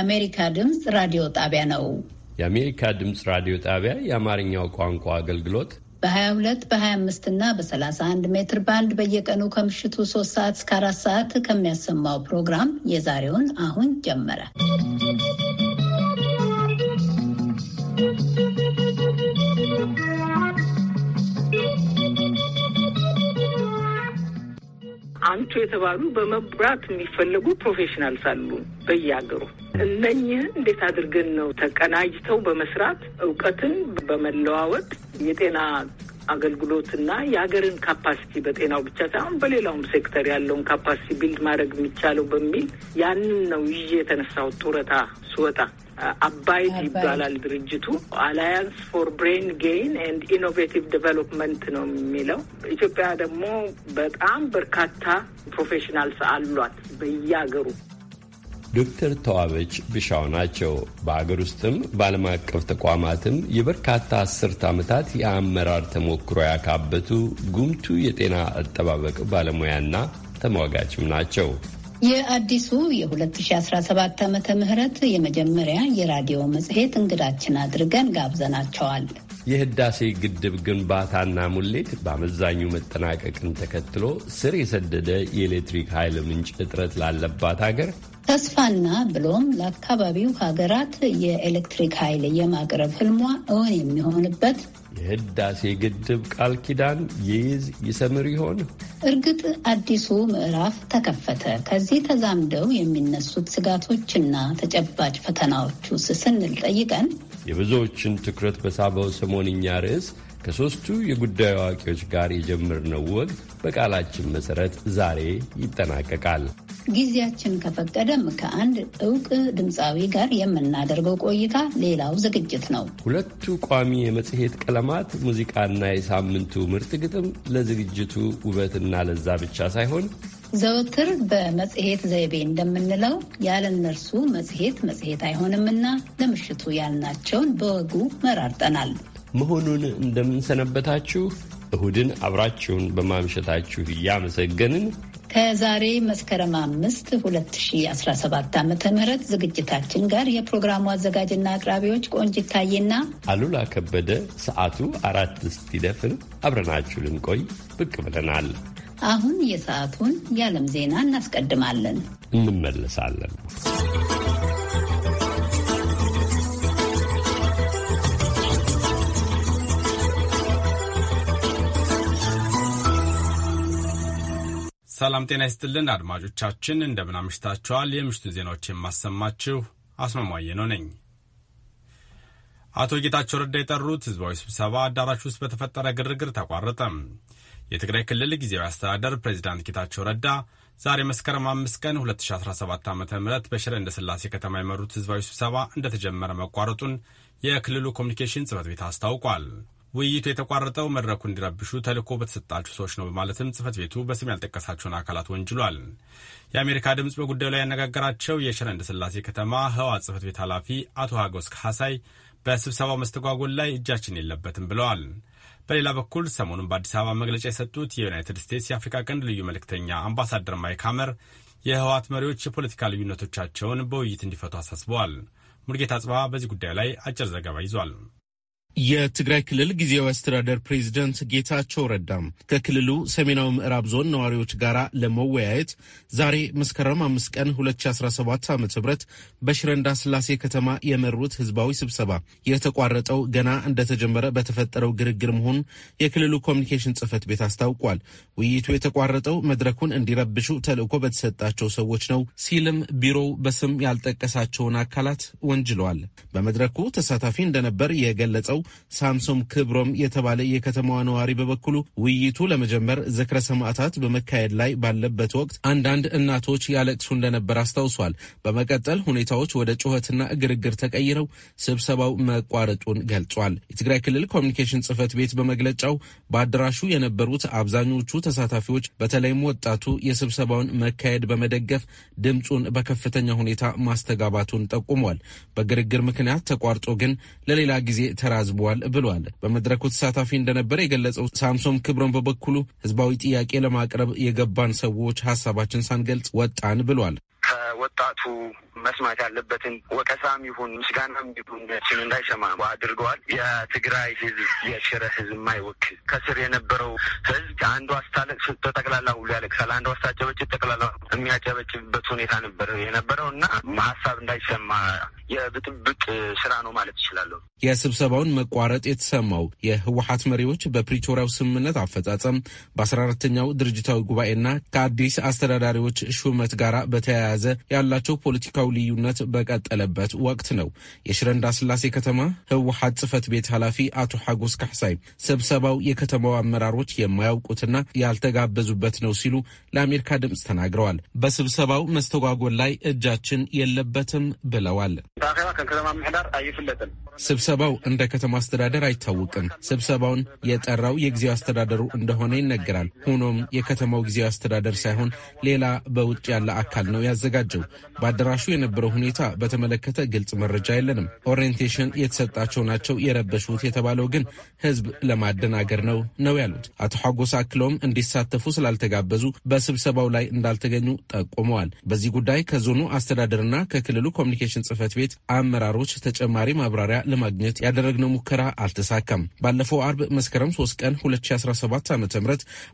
የአሜሪካ ድምፅ ራዲዮ ጣቢያ ነው። የአሜሪካ ድምፅ ራዲዮ ጣቢያ የአማርኛው ቋንቋ አገልግሎት በ22 በ25 እና በ31 ሜትር ባንድ በየቀኑ ከምሽቱ 3 ሰዓት እስከ 4 ሰዓት ከሚያሰማው ፕሮግራም የዛሬውን አሁን ጀመረ። አንቱ የተባሉ በመብራት የሚፈለጉ ፕሮፌሽናልስ አሉ በየሀገሩ እነኚህን እንዴት አድርገን ነው ተቀናጅተው በመስራት እውቀትን በመለዋወጥ የጤና አገልግሎትና የሀገርን ካፓሲቲ በጤናው ብቻ ሳይሆን በሌላውም ሴክተር ያለውን ካፓሲቲ ቢልድ ማድረግ የሚቻለው በሚል ያንን ነው ይዤ የተነሳው ጡረታ ስወጣ። አባይድ ይባላል ድርጅቱ። አላያንስ ፎር ብሬን ጌይን ኤንድ ኢኖቬቲቭ ዴቨሎፕመንት ነው የሚለው። ኢትዮጵያ ደግሞ በጣም በርካታ ፕሮፌሽናልስ አሏት በየሀገሩ። ዶክተር ተዋበች ብሻው ናቸው። በአገር ውስጥም በዓለም አቀፍ ተቋማትም የበርካታ አስርት ዓመታት የአመራር ተሞክሮ ያካበቱ ጉምቱ የጤና አጠባበቅ ባለሙያና ተሟጋችም ናቸው። የአዲሱ የ2017 ዓመተ ምህረት የመጀመሪያ የራዲዮ መጽሔት እንግዳችን አድርገን ጋብዘናቸዋል። የህዳሴ ግድብ ግንባታና ሙሌት በአመዛኙ መጠናቀቅን ተከትሎ ስር የሰደደ የኤሌክትሪክ ኃይል ምንጭ እጥረት ላለባት አገር ተስፋና ብሎም ለአካባቢው ሀገራት የኤሌክትሪክ ኃይል የማቅረብ ህልሟ እውን የሚሆንበት የህዳሴ ግድብ ቃል ኪዳን ይይዝ ይሰምር ይሆን? እርግጥ አዲሱ ምዕራፍ ተከፈተ። ከዚህ ተዛምደው የሚነሱት ስጋቶችና ተጨባጭ ፈተናዎቹስ ስንል ጠይቀን የብዙዎችን ትኩረት በሳበው ሰሞንኛ ርዕስ ከሦስቱ የጉዳዩ አዋቂዎች ጋር የጀመርነው ወግ በቃላችን መሠረት ዛሬ ይጠናቀቃል። ጊዜያችን ከፈቀደም ከአንድ እውቅ ድምፃዊ ጋር የምናደርገው ቆይታ ሌላው ዝግጅት ነው። ሁለቱ ቋሚ የመጽሔት ቀለማት ሙዚቃና የሳምንቱ ምርጥ ግጥም ለዝግጅቱ ውበትና ለዛ ብቻ ሳይሆን ዘወትር በመጽሔት ዘይቤ እንደምንለው ያለ እነርሱ መጽሔት መጽሔት አይሆንምና ለምሽቱ ያልናቸውን በወጉ መራርጠናል መሆኑን እንደምንሰነበታችሁ እሁድን አብራችሁን በማምሸታችሁ እያመሰገንን ከዛሬ መስከረም አምስት 2017 ዓመተ ምህረት ዝግጅታችን ጋር የፕሮግራሙ አዘጋጅና አቅራቢዎች ቆንጅ ታዬና አሉላ ከበደ ሰዓቱ አራት እስኪደፍር አብረናችሁ ልንቆይ ብቅ ብለናል። አሁን የሰዓቱን የዓለም ዜና እናስቀድማለን። እንመለሳለን። ሰላም ጤና ይስጥልን አድማጮቻችን፣ እንደምን አምሽታችኋል? የምሽቱን ዜናዎች የማሰማችሁ አስማማየ ነው ነኝ። አቶ ጌታቸው ረዳ የጠሩት ህዝባዊ ስብሰባ አዳራሽ ውስጥ በተፈጠረ ግርግር ተቋረጠ። የትግራይ ክልል ጊዜያዊ አስተዳደር ፕሬዚዳንት ጌታቸው ረዳ ዛሬ መስከረም አምስት ቀን 2017 ዓ ም በሽረ እንደ ስላሴ ከተማ የመሩት ህዝባዊ ስብሰባ እንደተጀመረ መቋረጡን የክልሉ ኮሚኒኬሽን ጽህፈት ቤት አስታውቋል። ውይይቱ የተቋረጠው መድረኩ እንዲረብሹ ተልዕኮ በተሰጣችሁ ሰዎች ነው በማለትም ጽህፈት ቤቱ በስም ያልጠቀሳቸውን አካላት ወንጅሏል። የአሜሪካ ድምፅ በጉዳዩ ላይ ያነጋገራቸው የሽረ እንዳስላሴ ከተማ ህዋ ጽህፈት ቤት ኃላፊ አቶ ሀጎስ ካሳይ በስብሰባው መስተጓጎል ላይ እጃችን የለበትም ብለዋል። በሌላ በኩል ሰሞኑን በአዲስ አበባ መግለጫ የሰጡት የዩናይትድ ስቴትስ የአፍሪካ ቀንድ ልዩ መልእክተኛ አምባሳደር ማይክ ሀመር የህወሓት መሪዎች የፖለቲካ ልዩነቶቻቸውን በውይይት እንዲፈቱ አሳስበዋል። ሙልጌታ ጽባ በዚህ ጉዳይ ላይ አጭር ዘገባ ይዟል። የትግራይ ክልል ጊዜያዊ አስተዳደር ፕሬዚደንት ጌታቸው ረዳም ከክልሉ ሰሜናዊ ምዕራብ ዞን ነዋሪዎች ጋር ለመወያየት ዛሬ መስከረም አምስት ቀን 2017 ዓ ም በሽረ ስላሴ ከተማ የመሩት ህዝባዊ ስብሰባ የተቋረጠው ገና እንደተጀመረ በተፈጠረው ግርግር መሆኑን የክልሉ ኮሚኒኬሽን ጽህፈት ቤት አስታውቋል። ውይይቱ የተቋረጠው መድረኩን እንዲረብሹ ተልዕኮ በተሰጣቸው ሰዎች ነው ሲልም ቢሮው በስም ያልጠቀሳቸውን አካላት ወንጅለዋል። በመድረኩ ተሳታፊ እንደነበር የገለጸው ሳምሶም ክብሮም የተባለ የከተማዋ ነዋሪ በበኩሉ ውይይቱ ለመጀመር ዝክረ ሰማዕታት በመካሄድ ላይ ባለበት ወቅት አንዳንድ እናቶች ያለቅሱ እንደነበር አስታውሷል። በመቀጠል ሁኔታዎች ወደ ጩኸትና ግርግር ተቀይረው ስብሰባው መቋረጡን ገልጿል። የትግራይ ክልል ኮሚኒኬሽን ጽህፈት ቤት በመግለጫው በአዳራሹ የነበሩት አብዛኞቹ ተሳታፊዎች በተለይም ወጣቱ የስብሰባውን መካሄድ በመደገፍ ድምፁን በከፍተኛ ሁኔታ ማስተጋባቱን ጠቁሟል። በግርግር ምክንያት ተቋርጦ ግን ለሌላ ጊዜ ተራዘ ተገንዝበዋል ብሏል። በመድረኩ ተሳታፊ እንደነበረ የገለጸው ሳምሶም ክብረን በበኩሉ ህዝባዊ ጥያቄ ለማቅረብ የገባን ሰዎች ሀሳባችን ሳንገልጽ ወጣን ብሏል። ወጣቱ መስማት ያለበትን ወቀሳም ይሁን ምስጋናም ይሁን ችን እንዳይሰማ አድርገዋል። የትግራይ ህዝብ የሽረ ህዝብ የማይወክል ከስር የነበረው ህዝብ አንዱ አስታለቅ ተጠቅላላ ሁሉ ያለቅሳል፣ አንዱ አስታጨበጭብ ጠቅላላ የሚያጨበጭብበት ሁኔታ ነበር የነበረው እና ሀሳብ እንዳይሰማ የብጥብጥ ስራ ነው ማለት ይችላለሁ። የስብሰባውን መቋረጥ የተሰማው የህወሀት መሪዎች በፕሪቶሪያው ስምምነት አፈጻጸም በአስራ አራተኛው ድርጅታዊ ጉባኤና ከአዲስ አስተዳዳሪዎች ሹመት ጋር በተያያዘ ያላቸው ፖለቲካዊ ልዩነት በቀጠለበት ወቅት ነው። የሽረ እንዳስላሴ ከተማ ህወሓት ጽህፈት ቤት ኃላፊ አቶ ሐጎስ ካሕሳይ ስብሰባው የከተማው አመራሮች የማያውቁትና ያልተጋበዙበት ነው ሲሉ ለአሜሪካ ድምፅ ተናግረዋል። በስብሰባው መስተጓጎል ላይ እጃችን የለበትም ብለዋል። ስብሰባው እንደ ከተማ አስተዳደር አይታወቅም። ስብሰባውን የጠራው የጊዜው አስተዳደሩ እንደሆነ ይነገራል። ሆኖም የከተማው ጊዜው አስተዳደር ሳይሆን ሌላ በውጭ ያለ አካል ነው ያዘጋጀ የተዘጋጀው። በአዳራሹ የነበረው ሁኔታ በተመለከተ ግልጽ መረጃ የለንም። ኦሪንቴሽን የተሰጣቸው ናቸው የረበሹት የተባለው ግን ህዝብ ለማደናገር ነው ነው ያሉት አቶ ሐጎስ አክለውም እንዲሳተፉ ስላልተጋበዙ በስብሰባው ላይ እንዳልተገኙ ጠቁመዋል። በዚህ ጉዳይ ከዞኑ አስተዳደርና ከክልሉ ኮሚኒኬሽን ጽህፈት ቤት አመራሮች ተጨማሪ ማብራሪያ ለማግኘት ያደረግነው ሙከራ አልተሳካም። ባለፈው አርብ መስከረም 3 ቀን 2017 ዓ ም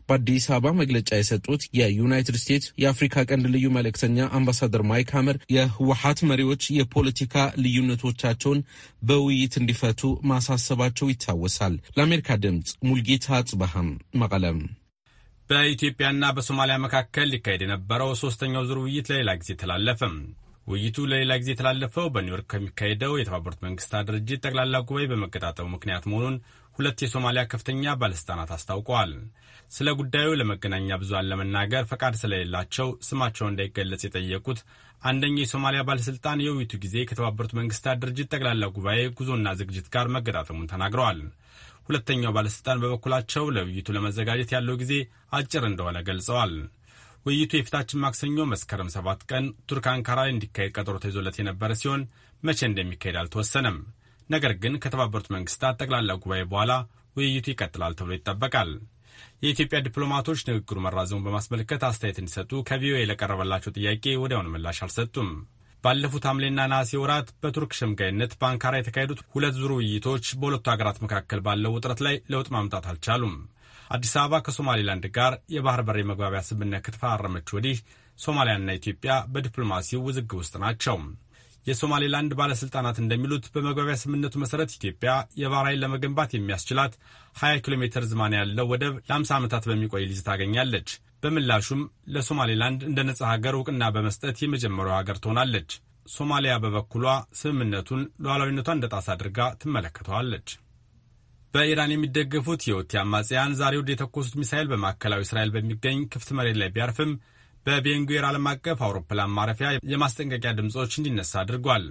በአዲስ አበባ መግለጫ የሰጡት የዩናይትድ ስቴትስ የአፍሪካ ቀንድ ልዩ መልእክተኛ አምባሳ አምባሳደር ማይክ ሀመር የህወሀት መሪዎች የፖለቲካ ልዩነቶቻቸውን በውይይት እንዲፈቱ ማሳሰባቸው ይታወሳል። ለአሜሪካ ድምፅ ሙልጌታ አጽበሃም መቀለም። በኢትዮጵያና በሶማሊያ መካከል ሊካሄድ የነበረው ሶስተኛው ዙር ውይይት ለሌላ ጊዜ ተላለፈም። ውይይቱ ለሌላ ጊዜ የተላለፈው በኒውዮርክ ከሚካሄደው የተባበሩት መንግስታት ድርጅት ጠቅላላ ጉባኤ በመቀጣጠሙ ምክንያት መሆኑን ሁለት የሶማሊያ ከፍተኛ ባለሥልጣናት አስታውቀዋል። ስለ ጉዳዩ ለመገናኛ ብዙሃን ለመናገር ፈቃድ ስለሌላቸው ስማቸው እንዳይገለጽ የጠየቁት አንደኛው የሶማሊያ ባለሥልጣን የውይይቱ ጊዜ ከተባበሩት መንግስታት ድርጅት ጠቅላላ ጉባኤ ጉዞና ዝግጅት ጋር መገጣጠሙን ተናግረዋል። ሁለተኛው ባለሥልጣን በበኩላቸው ለውይይቱ ለመዘጋጀት ያለው ጊዜ አጭር እንደሆነ ገልጸዋል። ውይይቱ የፊታችን ማክሰኞ መስከረም ሰባት ቀን ቱርክ አንካራ እንዲካሄድ ቀጠሮ ተይዞለት የነበረ ሲሆን መቼ እንደሚካሄድ አልተወሰነም። ነገር ግን ከተባበሩት መንግስታት ጠቅላላ ጉባኤ በኋላ ውይይቱ ይቀጥላል ተብሎ ይጠበቃል። የኢትዮጵያ ዲፕሎማቶች ንግግሩ መራዘሙን በማስመልከት አስተያየት እንዲሰጡ ከቪኦኤ ለቀረበላቸው ጥያቄ ወዲያውኑ ምላሽ አልሰጡም። ባለፉት ሐምሌና ነሐሴ ወራት በቱርክ ሸምጋይነት በአንካራ የተካሄዱት ሁለት ዙር ውይይቶች በሁለቱ ሀገራት መካከል ባለው ውጥረት ላይ ለውጥ ማምጣት አልቻሉም። አዲስ አበባ ከሶማሌላንድ ጋር የባህር በር መግባቢያ ስምምነት ከተፈራረመች ወዲህ ሶማሊያና ኢትዮጵያ በዲፕሎማሲው ውዝግብ ውስጥ ናቸው። የሶማሌላንድ ባለሥልጣናት እንደሚሉት በመግባቢያ ስምምነቱ መሠረት ኢትዮጵያ የባራይን ለመገንባት የሚያስችላት 20 ኪሎ ሜትር ዝማኔ ያለው ወደብ ለ50 ዓመታት በሚቆይ ሊዝ ታገኛለች። በምላሹም ለሶማሌላንድ እንደ ነጻ ሀገር እውቅና በመስጠት የመጀመሪያው ሀገር ትሆናለች። ሶማሊያ በበኩሏ ስምምነቱን ሉዓላዊነቷን እንደ ጣስ አድርጋ ትመለከተዋለች። በኢራን የሚደገፉት የውቲ አማጽያን ዛሬ ወደ የተኮሱት ሚሳኤል በማዕከላዊ እስራኤል በሚገኝ ክፍት መሬት ላይ ቢያርፍም በቤንጉዌር ዓለም አቀፍ አውሮፕላን ማረፊያ የማስጠንቀቂያ ድምፆች እንዲነሳ አድርጓል።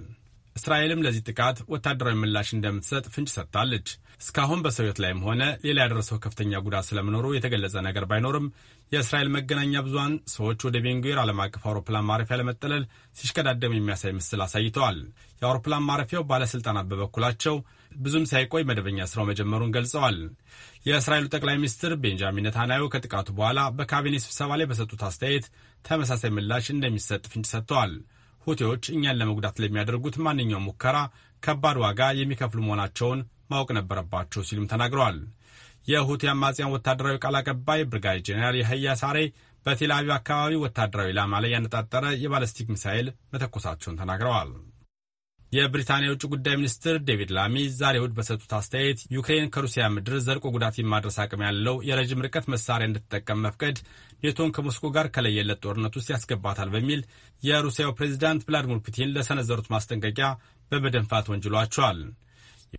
እስራኤልም ለዚህ ጥቃት ወታደራዊ ምላሽ እንደምትሰጥ ፍንጭ ሰጥታለች። እስካሁን በሰው ሕይወት ላይም ሆነ ሌላ ያደረሰው ከፍተኛ ጉዳት ስለመኖሩ የተገለጸ ነገር ባይኖርም የእስራኤል መገናኛ ብዙን ሰዎች ወደ ቤንጉዌር ዓለም አቀፍ አውሮፕላን ማረፊያ ለመጠለል ሲሽከዳደሙ የሚያሳይ ምስል አሳይተዋል። የአውሮፕላን ማረፊያው ባለሥልጣናት በበኩላቸው ብዙም ሳይቆይ መደበኛ ስራው መጀመሩን ገልጸዋል። የእስራኤሉ ጠቅላይ ሚኒስትር ቤንጃሚን ነታንያሁ ከጥቃቱ በኋላ በካቢኔ ስብሰባ ላይ በሰጡት አስተያየት ተመሳሳይ ምላሽ እንደሚሰጥ ፍንጭ ሰጥተዋል። ሁቴዎች እኛን ለመጉዳት ለሚያደርጉት ማንኛውም ሙከራ ከባድ ዋጋ የሚከፍሉ መሆናቸውን ማወቅ ነበረባቸው ሲሉም ተናግረዋል። የሁቲ አማጽያን ወታደራዊ ቃል አቀባይ ብርጋዴር ጄኔራል የህያ ሳሬ በቴል አካባቢ ወታደራዊ ላማ ላይ ያነጣጠረ የባለስቲክ ሚሳኤል መተኮሳቸውን ተናግረዋል። የብሪታንያ የውጭ ጉዳይ ሚኒስትር ዴቪድ ላሚ ዛሬ እሁድ በሰጡት አስተያየት ዩክሬን ከሩሲያ ምድር ዘልቆ ጉዳት የማድረስ አቅም ያለው የረዥም ርቀት መሳሪያ እንድትጠቀም መፍቀድ ኔቶን ከሞስኮ ጋር ከለየለት ጦርነት ውስጥ ያስገባታል በሚል የሩሲያው ፕሬዚዳንት ቭላዲሚር ፑቲን ለሰነዘሩት ማስጠንቀቂያ በመደንፋት ወንጅሏቸዋል።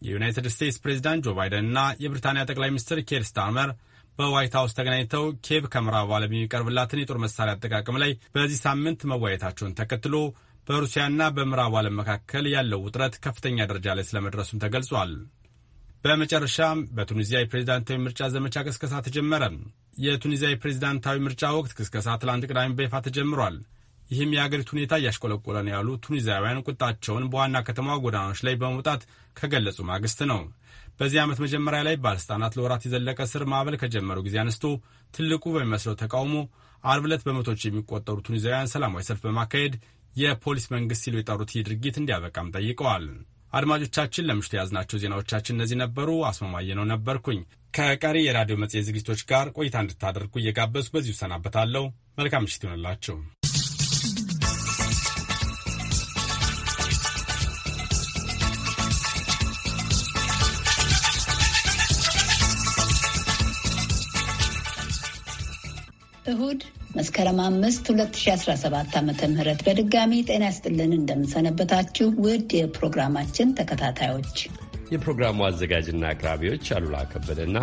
የዩናይትድ ስቴትስ ፕሬዚዳንት ጆ ባይደን እና የብሪታንያ ጠቅላይ ሚኒስትር ኬር ስታርመር በዋይት ሀውስ ተገናኝተው ኬብ ከምዕራቡ ዓለም የሚቀርብላትን የጦር መሳሪያ አጠቃቀም ላይ በዚህ ሳምንት መወያየታቸውን ተከትሎ በሩሲያና በምዕራብ ዓለም መካከል ያለው ውጥረት ከፍተኛ ደረጃ ላይ ስለመድረሱም ተገልጿል። በመጨረሻም በቱኒዚያ የፕሬዝዳንታዊ ምርጫ ዘመቻ ቅስቀሳ ተጀመረ። የቱኒዚያ የፕሬዝዳንታዊ ምርጫ ወቅት ቅስቀሳ ትላንት ቅዳሜ በይፋ ተጀምሯል። ይህም የአገሪቱ ሁኔታ እያሽቆለቆለ ነው ያሉ ቱኒዚያውያን ቁጣቸውን በዋና ከተማዋ ጎዳናዎች ላይ በመውጣት ከገለጹ ማግስት ነው። በዚህ ዓመት መጀመሪያ ላይ ባለሥልጣናት ለወራት የዘለቀ ስር ማዕበል ከጀመሩ ጊዜ አንስቶ ትልቁ በሚመስለው ተቃውሞ አርብ ዕለት በመቶች የሚቆጠሩ ቱኒዚያውያን ሰላማዊ ሰልፍ በማካሄድ የፖሊስ መንግስት ሲሉ የጠሩት ይህ ድርጊት እንዲያበቃም ጠይቀዋል። አድማጮቻችን ለምሽቱ የያዝናቸው ዜናዎቻችን እነዚህ ነበሩ። አስማማየ ነው ነበርኩኝ። ከቀሪ የራዲዮ መጽሔት ዝግጅቶች ጋር ቆይታ እንድታደርጉ እየጋበዝኩ በዚሁ ሰናበታለሁ። መልካም ምሽት ይሆንላችሁ። እሁድ መስከረም አምስት 2017 ዓ ምህረት በድጋሚ ጤና ያስጥልን እንደምንሰነበታችሁ ውድ የፕሮግራማችን ተከታታዮች የፕሮግራሙ አዘጋጅና አቅራቢዎች አሉላ ከበደና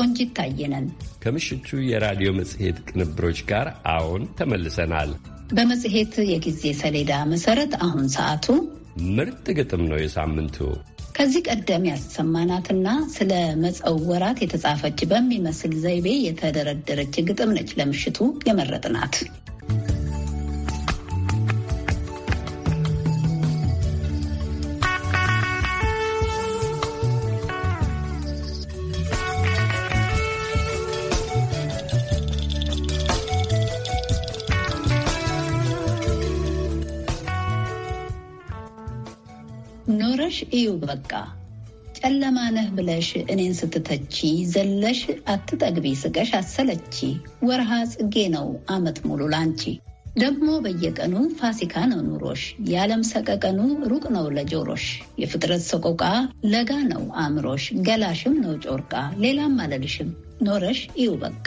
ቆንጂት ታየነን ከምሽቱ የራዲዮ መጽሔት ቅንብሮች ጋር አሁን ተመልሰናል። በመጽሔት የጊዜ ሰሌዳ መሰረት አሁን ሰዓቱ ምርጥ ግጥም ነው። የሳምንቱ ከዚህ ቀደም ያሰማናትና ስለ መጸው ወራት የተጻፈች በሚመስል ዘይቤ የተደረደረች ግጥም ነች ለምሽቱ የመረጥናት። አብረሽ እዩ በቃ ጨለማነህ ብለሽ እኔን ስትተቺ ዘለሽ አትጠግቢ ስቀሽ አሰለቺ ወርሃ ጽጌ ነው አመት ሙሉ ላንቺ ደግሞ በየቀኑ ፋሲካ ነው ኑሮሽ የዓለም ሰቀቀኑ ሩቅ ነው ለጆሮሽ የፍጥረት ሰቆቃ ለጋ ነው አእምሮሽ ገላሽም ነው ጮርቃ ሌላም አለልሽም ኖረሽ እዩ በቃ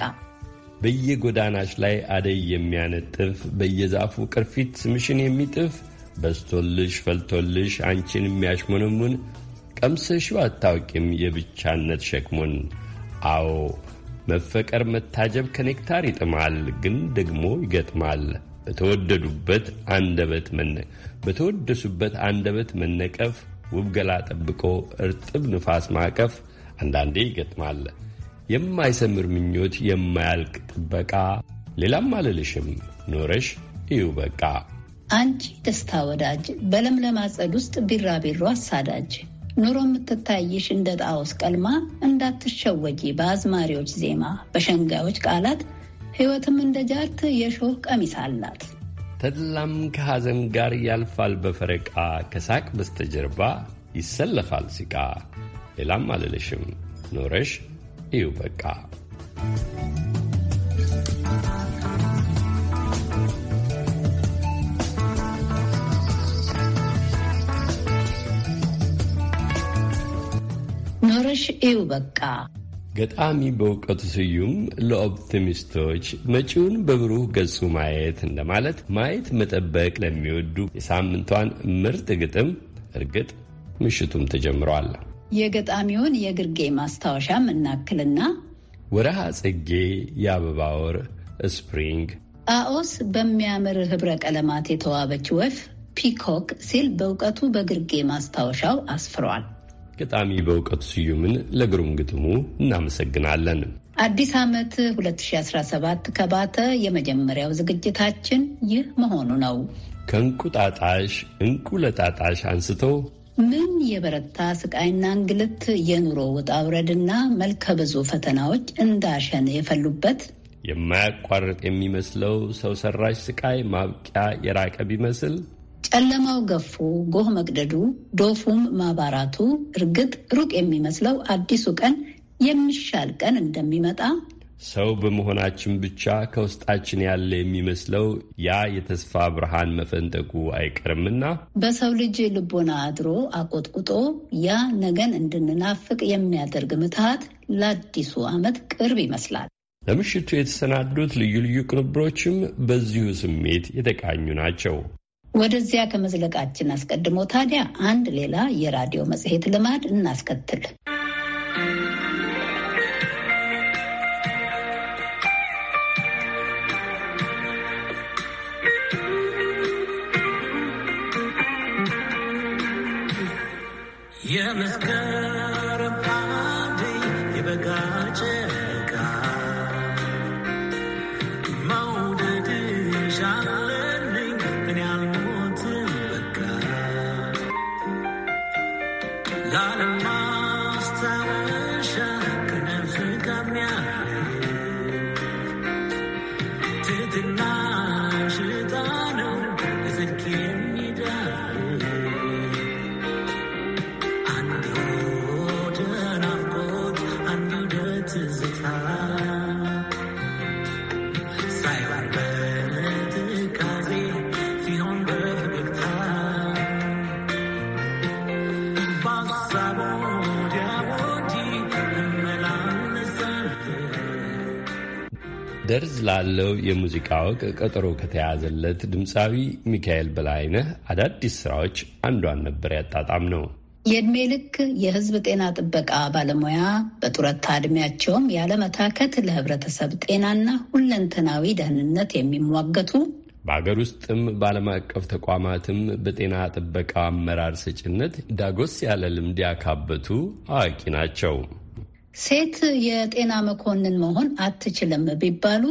በየጎዳናሽ ላይ አደይ የሚያነጥፍ በየዛፉ ቅርፊት ስምሽን የሚጥፍ በስቶልሽ ፈልቶልሽ አንቺን የሚያሽሙንሙን ቀምሰሽ አታውቂም የብቻነት ሸክሙን። አዎ መፈቀር መታጀብ ከኔክታር ይጥማል፣ ግን ደግሞ ይገጥማል። በተወደዱበት አንደበት በተወደሱበት አንደበት መነቀፍ ውብ ገላ ጠብቆ እርጥብ ንፋስ ማቀፍ አንዳንዴ ይገጥማል። የማይሰምር ምኞት የማያልቅ ጥበቃ ሌላም አልልሽም ኖረሽ እዩ በቃ። አንቺ ደስታ ወዳጅ በለምለም አጸድ ውስጥ ቢራቢሮ አሳዳጅ ኑሮ የምትታይሽ እንደ ጣዖስ ቀልማ እንዳትሸወጂ በአዝማሪዎች ዜማ በሸንጋዮች ቃላት ሕይወትም እንደ ጃርት የሾህ ቀሚስ አላት። ተድላም ከሐዘን ጋር ያልፋል በፈረቃ ከሳቅ በስተጀርባ ይሰለፋል ሲቃ። ሌላም አልልሽም ኖረሽ እዩ በቃ ማረሽ እዩ በቃ። ገጣሚ በእውቀቱ ስዩም ለኦፕቲሚስቶች መጪውን በብሩህ ገጹ ማየት እንደማለት ማየት መጠበቅ ለሚወዱ የሳምንቷን ምርጥ ግጥም እርግጥ ምሽቱም ተጀምረዋል። የገጣሚውን የግርጌ ማስታወሻም እናክልና ወረሃ ጽጌ፣ የአበባ ወር፣ ስፕሪንግ አኦስ በሚያምር ህብረ ቀለማት የተዋበች ወፍ ፒኮክ ሲል በእውቀቱ በግርጌ ማስታወሻው አስፍሯል። ገጣሚ በእውቀቱ ስዩምን ለግሩም ግጥሙ እናመሰግናለን። አዲስ ዓመት 2017 ከባተ የመጀመሪያው ዝግጅታችን ይህ መሆኑ ነው። ከእንቁጣጣሽ እንቁለጣጣሽ አንስቶ ምን የበረታ ስቃይና እንግልት የኑሮ ውጣውረድና ውረድና መልከ ብዙ ፈተናዎች እንዳሸን የፈሉበት የማያቋርጥ የሚመስለው ሰው ሰራሽ ስቃይ ማብቂያ የራቀ ቢመስል ጨለማው ገፉ፣ ጎህ መቅደዱ፣ ዶፉም ማባራቱ እርግጥ ሩቅ የሚመስለው አዲሱ ቀን የሚሻል ቀን እንደሚመጣ ሰው በመሆናችን ብቻ ከውስጣችን ያለ የሚመስለው ያ የተስፋ ብርሃን መፈንጠቁ አይቀርምና በሰው ልጅ ልቦና አድሮ አቆጥቁጦ ያ ነገን እንድንናፍቅ የሚያደርግ ምትሃት ለአዲሱ ዓመት ቅርብ ይመስላል። ለምሽቱ የተሰናዱት ልዩ ልዩ ቅንብሮችም በዚሁ ስሜት የተቃኙ ናቸው። ወደዚያ ከመዝለቃችን አስቀድሞ ታዲያ አንድ ሌላ የራዲዮ መጽሔት ልማድ እናስከትል። የመስከ ደርዝ ላለው የሙዚቃ ወቅ ቀጠሮ ከተያዘለት ድምፃዊ ሚካኤል በላይነህ አዳዲስ ስራዎች አንዷን ነበር ያጣጣም ነው። የእድሜ ልክ የህዝብ ጤና ጥበቃ ባለሙያ በጡረታ እድሜያቸውም ያለመታከት ለህብረተሰብ ጤናና ሁለንተናዊ ደህንነት የሚሟገቱ በሀገር ውስጥም በዓለም አቀፍ ተቋማትም በጤና ጥበቃ አመራር ሰጭነት ዳጎስ ያለ ልምድ ያካበቱ አዋቂ ናቸው። ሴት የጤና መኮንን መሆን አትችልም ቢባሉ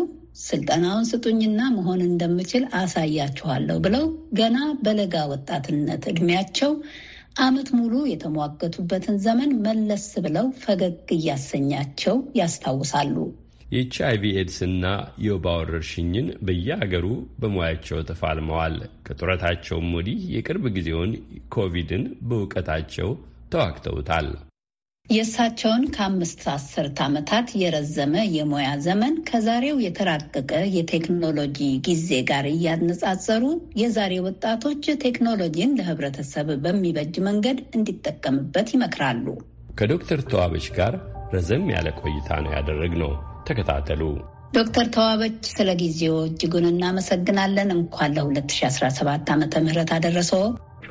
ስልጠናውን ስጡኝና መሆን እንደምችል አሳያችኋለሁ ብለው ገና በለጋ ወጣትነት እድሜያቸው ዓመት ሙሉ የተሟገቱበትን ዘመን መለስ ብለው ፈገግ እያሰኛቸው ያስታውሳሉ። የኤች አይቪ ኤድስና የወባ ወረርሽኝን በየአገሩ በሙያቸው ተፋልመዋል። ከጡረታቸውም ወዲህ የቅርብ ጊዜውን ኮቪድን በእውቀታቸው ተዋግተውታል። የእሳቸውን ከአምስት አስርት ዓመታት የረዘመ የሙያ ዘመን ከዛሬው የተራቀቀ የቴክኖሎጂ ጊዜ ጋር እያነጻጸሩ የዛሬ ወጣቶች ቴክኖሎጂን ለሕብረተሰብ በሚበጅ መንገድ እንዲጠቀምበት ይመክራሉ። ከዶክተር ተዋበች ጋር ረዘም ያለ ቆይታ ነው ያደረግነው። ተከታተሉ። ዶክተር ተዋበች ስለ ጊዜው እጅጉን እናመሰግናለን። እንኳን ለ2017 ዓመተ ምህረት አደረሰው።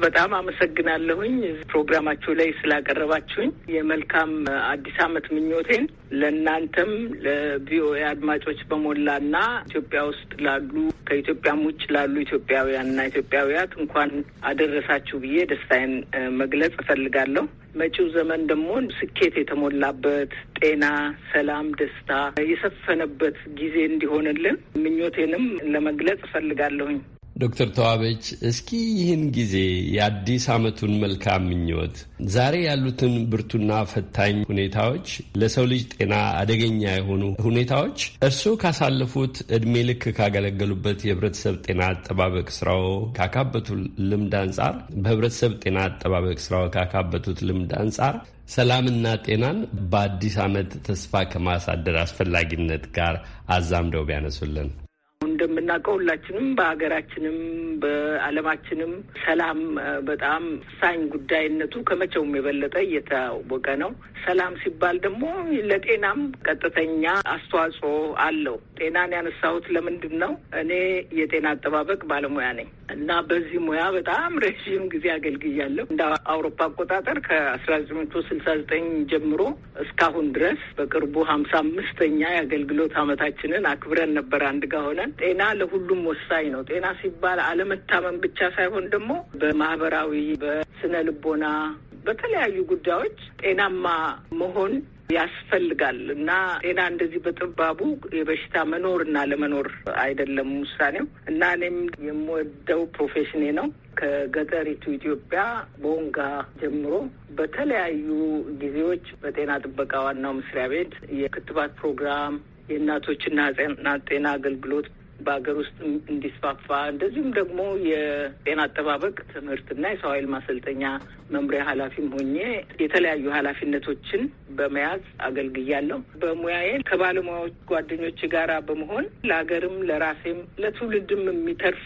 በጣም አመሰግናለሁኝ ፕሮግራማችሁ ላይ ስላቀረባችሁኝ። የመልካም አዲስ አመት ምኞቴን ለእናንተም ለቪኦኤ አድማጮች በሞላና ኢትዮጵያ ውስጥ ላሉ ከኢትዮጵያም ውጭ ላሉ ኢትዮጵያውያንና ኢትዮጵያውያት እንኳን አደረሳችሁ ብዬ ደስታዬን መግለጽ እፈልጋለሁ። መጪው ዘመን ደግሞ ስኬት የተሞላበት ጤና፣ ሰላም፣ ደስታ የሰፈነበት ጊዜ እንዲሆንልን ምኞቴንም ለመግለጽ እፈልጋለሁኝ። ዶክተር ተዋበች እስኪ ይህን ጊዜ የአዲስ ዓመቱን መልካም ምኞት፣ ዛሬ ያሉትን ብርቱና ፈታኝ ሁኔታዎች፣ ለሰው ልጅ ጤና አደገኛ የሆኑ ሁኔታዎች እርስዎ ካሳለፉት እድሜ ልክ ካገለገሉበት የህብረተሰብ ጤና አጠባበቅ ስራው ካካበቱ ልምድ አንጻር በህብረተሰብ ጤና አጠባበቅ ስራው ካካበቱት ልምድ አንጻር ሰላምና ጤናን በአዲስ ዓመት ተስፋ ከማሳደር አስፈላጊነት ጋር አዛምደው ቢያነሱልን። እንደምናውቀው ሁላችንም በሀገራችንም በዓለማችንም ሰላም በጣም ሳኝ ጉዳይነቱ ከመቼውም የበለጠ እየታወቀ ነው። ሰላም ሲባል ደግሞ ለጤናም ቀጥተኛ አስተዋጽኦ አለው። ጤናን ያነሳሁት ለምንድን ነው? እኔ የጤና አጠባበቅ ባለሙያ ነኝ እና በዚህ ሙያ በጣም ረዥም ጊዜ አገልግያለሁ። እንደ አውሮፓ አቆጣጠር ከአስራ ዘጠኝ መቶ ስልሳ ዘጠኝ ጀምሮ እስካሁን ድረስ በቅርቡ ሀምሳ አምስተኛ የአገልግሎት አመታችንን አክብረን ነበር አንድ ጋ ሆነን ጤና ለሁሉም ወሳኝ ነው። ጤና ሲባል አለመታመም ብቻ ሳይሆን ደግሞ በማህበራዊ በስነ ልቦና በተለያዩ ጉዳዮች ጤናማ መሆን ያስፈልጋል እና ጤና እንደዚህ በጠባቡ የበሽታ መኖር እና ለመኖር አይደለም ውሳኔው እና እኔም የምወደው ፕሮፌሽኔ ነው። ከገጠሪቱ ኢትዮጵያ ቦንጋ ጀምሮ በተለያዩ ጊዜዎች በጤና ጥበቃ ዋናው መስሪያ ቤት የክትባት ፕሮግራም የእናቶችና ህጻናት ጤና አገልግሎት በሀገር ውስጥ እንዲስፋፋ እንደዚሁም ደግሞ የጤና አጠባበቅ ትምህርትና የሰው ኃይል ማሰልጠኛ መምሪያ ኃላፊም ሆኜ የተለያዩ ኃላፊነቶችን በመያዝ አገልግያለሁ። በሙያዬ ከባለሙያዎች ጓደኞች ጋር በመሆን ለሀገርም ለራሴም ለትውልድም የሚተርፍ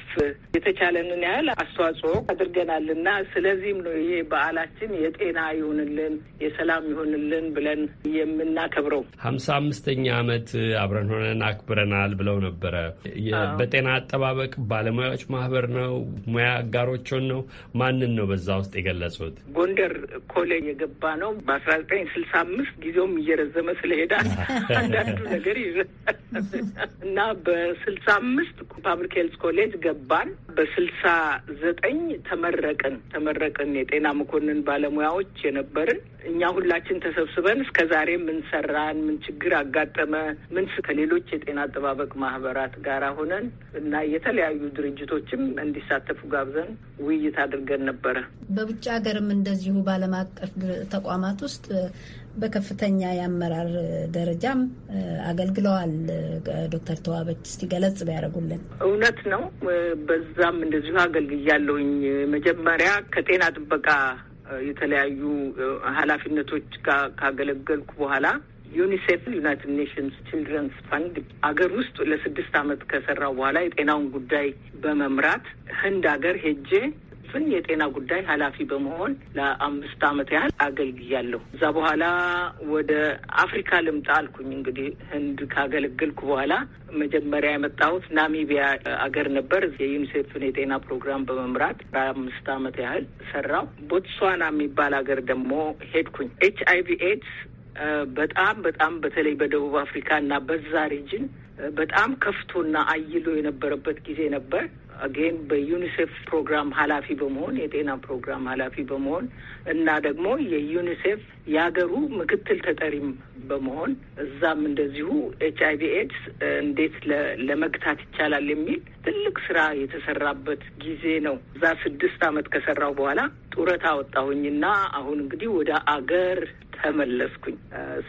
የተቻለንን ያህል አስተዋጽኦ አድርገናል እና ስለዚህም ነው ይሄ በዓላችን የጤና ይሁንልን የሰላም ይሁንልን ብለን የምናከብረው። ሀምሳ አምስተኛ ዓመት አብረን ሆነን አክብረናል ብለው ነበረ በጤና አጠባበቅ ባለሙያዎች ማህበር ነው? ሙያ አጋሮችን ነው? ማንን ነው በዛ ውስጥ የገለጹት? ጎንደር ኮሌጅ የገባ ነው በአስራ ዘጠኝ ስልሳ አምስት ጊዜውም እየረዘመ ስለሄዳ አንዳንዱ ነገር ይረዛል እና በስልሳ አምስት ፓብሊክ ኮሌጅ ገባን። በስልሳ ዘጠኝ ተመረቅን ተመረቅን የጤና መኮንን ባለሙያዎች የነበርን እኛ ሁላችን ተሰብስበን እስከ ዛሬ ምን ሰራን፣ ምን ችግር አጋጠመ፣ ምን ከሌሎች የጤና አጠባበቅ ማህበራት ጋር ሆነን እና የተለያዩ ድርጅቶችም እንዲሳተፉ ጋብዘን ውይይት አድርገን ነበረ። በውጭ ሀገርም እንደዚሁ በዓለም አቀፍ ተቋማት ውስጥ በከፍተኛ የአመራር ደረጃም አገልግለዋል። ዶክተር ተዋበች እስቲ ገለጽ ቢያደርጉልን። እውነት ነው። በዛም እንደዚሁ አገልግያለሁኝ። መጀመሪያ ከጤና ጥበቃ የተለያዩ ኃላፊነቶች ካገለገልኩ በኋላ ዩኒሴፍ ዩናይትድ ኔሽንስ ችልድረንስ ፋንድ አገር ውስጥ ለስድስት አመት ከሰራው በኋላ የጤናውን ጉዳይ በመምራት ህንድ ሀገር ሄጄ ውስን የጤና ጉዳይ ኃላፊ በመሆን ለአምስት ዓመት ያህል አገልግያለሁ። እዛ በኋላ ወደ አፍሪካ ልምጣ አልኩኝ። እንግዲህ ህንድ ካገለገልኩ በኋላ መጀመሪያ የመጣሁት ናሚቢያ አገር ነበር። የዩኒሴፍን የጤና ፕሮግራም በመምራት ለአምስት ዓመት ያህል ሰራው። ቦትስዋና የሚባል ሀገር ደግሞ ሄድኩኝ። ኤች ቪ ኤድስ በጣም በጣም በተለይ በደቡብ አፍሪካ እና በዛ ሪጅን በጣም ከፍቶና አይሎ የነበረበት ጊዜ ነበር። አጌን በዩኒሴፍ ፕሮግራም ኃላፊ በመሆን የጤና ፕሮግራም ኃላፊ በመሆን እና ደግሞ የዩኒሴፍ የሀገሩ ምክትል ተጠሪም በመሆን እዛም እንደዚሁ ኤች አይቪ ኤድስ እንዴት ለመግታት ይቻላል የሚል ትልቅ ስራ የተሰራበት ጊዜ ነው። እዛ ስድስት አመት ከሰራው በኋላ ጡረታ ወጣሁኝና አሁን እንግዲህ ወደ አገር ተመለስኩኝ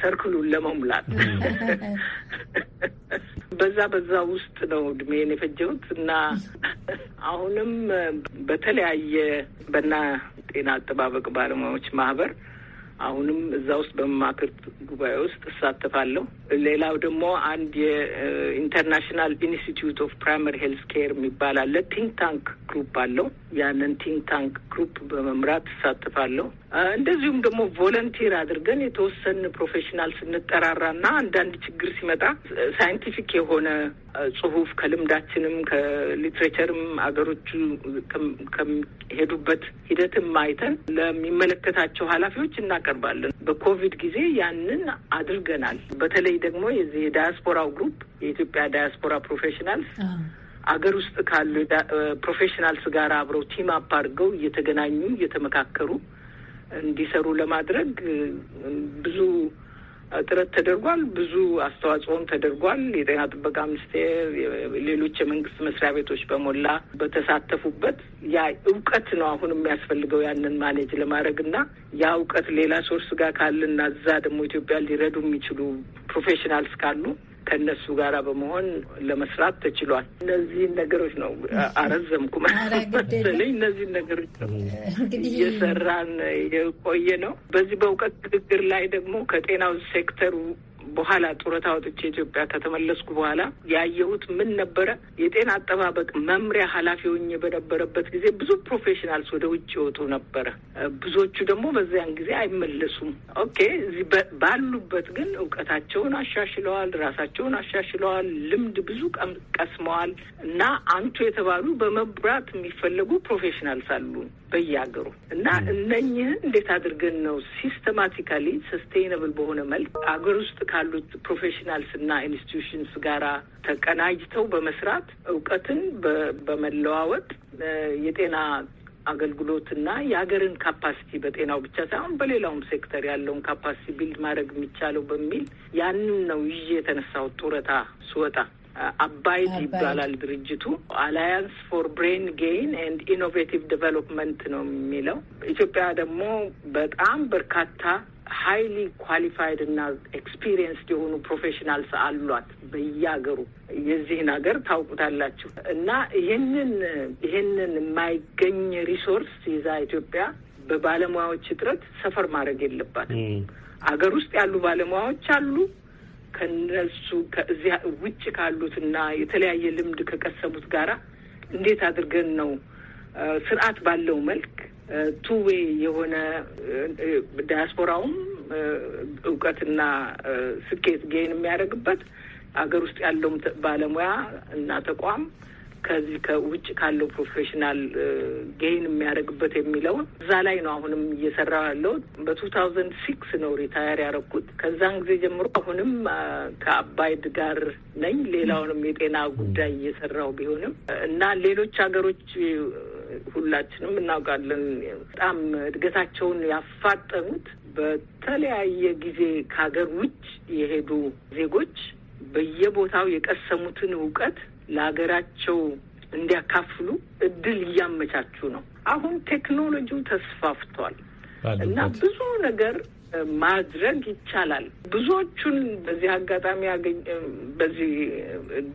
ሰርክሉን ለመሙላት በዛ በዛ ውስጥ ነው እድሜን የፈጀሁት እና አሁንም በተለያየ በና ጤና አጠባበቅ ባለሙያዎች ማህበር አሁንም እዛ ውስጥ በመማክርት ጉባኤ ውስጥ እሳተፋለሁ። ሌላው ደግሞ አንድ የኢንተርናሽናል ኢንስቲትዩት ኦፍ ፕራይመሪ ሄልስ ኬር የሚባል አለ። ቲንክ ታንክ ግሩፕ አለው። ያንን ቲንክ ታንክ ግሩፕ በመምራት እሳተፋለሁ። እንደዚሁም ደግሞ ቮለንቲር አድርገን የተወሰን ፕሮፌሽናል ስንጠራራ እና አንዳንድ ችግር ሲመጣ ሳይንቲፊክ የሆነ ጽሁፍ ከልምዳችንም ከሊትሬቸርም አገሮቹ ከሄዱበት ሂደትም አይተን ለሚመለከታቸው ኃላፊዎች እናቀ እናቀርባለን። በኮቪድ ጊዜ ያንን አድርገናል። በተለይ ደግሞ የዚህ የዳያስፖራው ግሩፕ የኢትዮጵያ ዳያስፖራ ፕሮፌሽናልስ አገር ውስጥ ካሉ ፕሮፌሽናልስ ጋር አብረው ቲም አፕ አድርገው እየተገናኙ እየተመካከሩ እንዲሰሩ ለማድረግ ብዙ ጥረት ተደርጓል። ብዙ አስተዋጽኦም ተደርጓል። የጤና ጥበቃ ሚኒስቴር፣ ሌሎች የመንግስት መስሪያ ቤቶች በሞላ በተሳተፉበት ያ እውቀት ነው አሁን የሚያስፈልገው ያንን ማኔጅ ለማድረግ እና ያ እውቀት ሌላ ሶርስ ጋር ካለና እዛ ደግሞ ኢትዮጵያ ሊረዱ የሚችሉ ፕሮፌሽናልስ ካሉ ከእነሱ ጋር በመሆን ለመስራት ተችሏል። እነዚህን ነገሮች ነው አረዘምኩ መሰለኝ። እነዚህን ነገሮች ነው እየሰራን የቆየ ነው። በዚህ በእውቀት ግግር ላይ ደግሞ ከጤናው ሴክተሩ በኋላ ጡረታ ወጥቼ ኢትዮጵያ ከተመለስኩ በኋላ ያየሁት ምን ነበረ? የጤና አጠባበቅ መምሪያ ኃላፊ ሆኜ በነበረበት ጊዜ ብዙ ፕሮፌሽናልስ ወደ ውጭ ይወጡ ነበረ። ብዙዎቹ ደግሞ በዚያን ጊዜ አይመለሱም። ኦኬ፣ እዚህ ባሉበት ግን እውቀታቸውን አሻሽለዋል፣ ራሳቸውን አሻሽለዋል፣ ልምድ ብዙ ቀስመዋል እና አንቱ የተባሉ በመብራት የሚፈለጉ ፕሮፌሽናልስ አሉን። በየሀገሩ እና እነኝህን እንዴት አድርገን ነው ሲስተማቲካሊ ሰስቴይነብል በሆነ መልክ አገር ውስጥ ካሉት ፕሮፌሽናልስ እና ኢንስቲትዩሽንስ ጋራ ተቀናጅተው በመስራት እውቀትን በመለዋወጥ የጤና አገልግሎትና የሀገርን ካፓሲቲ በጤናው ብቻ ሳይሆን በሌላውም ሴክተር ያለውን ካፓሲቲ ቢልድ ማድረግ የሚቻለው በሚል ያንን ነው ይዤ የተነሳው ጡረታ ስወጣ አባይት ይባላል ድርጅቱ። አላያንስ ፎር ብሬን ጌይን ኤንድ ኢኖቬቲቭ ዴቨሎፕመንት ነው የሚለው። ኢትዮጵያ ደግሞ በጣም በርካታ ሀይሊ ኳሊፋይድ እና ኤክስፒሪየንስድ የሆኑ ፕሮፌሽናልስ አሏት በየሀገሩ። የዚህን ሀገር ታውቁታላችሁ። እና ይህንን ይህንን የማይገኝ ሪሶርስ ይዛ ኢትዮጵያ በባለሙያዎች እጥረት ሰፈር ማድረግ የለባትም። አገር ውስጥ ያሉ ባለሙያዎች አሉ። ከነሱ ከዚያ ውጭ ካሉትና የተለያየ ልምድ ከቀሰሙት ጋራ እንዴት አድርገን ነው ስርዓት ባለው መልክ ቱዌ የሆነ ዳያስፖራውም እውቀትና ስኬት ጌን የሚያደርግበት አገር ውስጥ ያለውም ባለሙያ እና ተቋም ከዚህ ከውጭ ካለው ፕሮፌሽናል ጌይን የሚያደርግበት የሚለውን እዛ ላይ ነው አሁንም እየሰራው ያለው። በቱ ታውዘንድ ሲክስ ነው ሪታየር ያደረኩት። ከዛን ጊዜ ጀምሮ አሁንም ከአባይድ ጋር ነኝ። ሌላውንም የጤና ጉዳይ እየሰራው ቢሆንም እና ሌሎች ሀገሮች ሁላችንም እናውቃለን በጣም እድገታቸውን ያፋጠኑት በተለያየ ጊዜ ከሀገር ውጭ የሄዱ ዜጎች በየቦታው የቀሰሙትን እውቀት ለሀገራቸው እንዲያካፍሉ እድል እያመቻቹ ነው። አሁን ቴክኖሎጂው ተስፋፍቷል እና ብዙ ነገር ማድረግ ይቻላል። ብዙዎቹን በዚህ አጋጣሚ በዚህ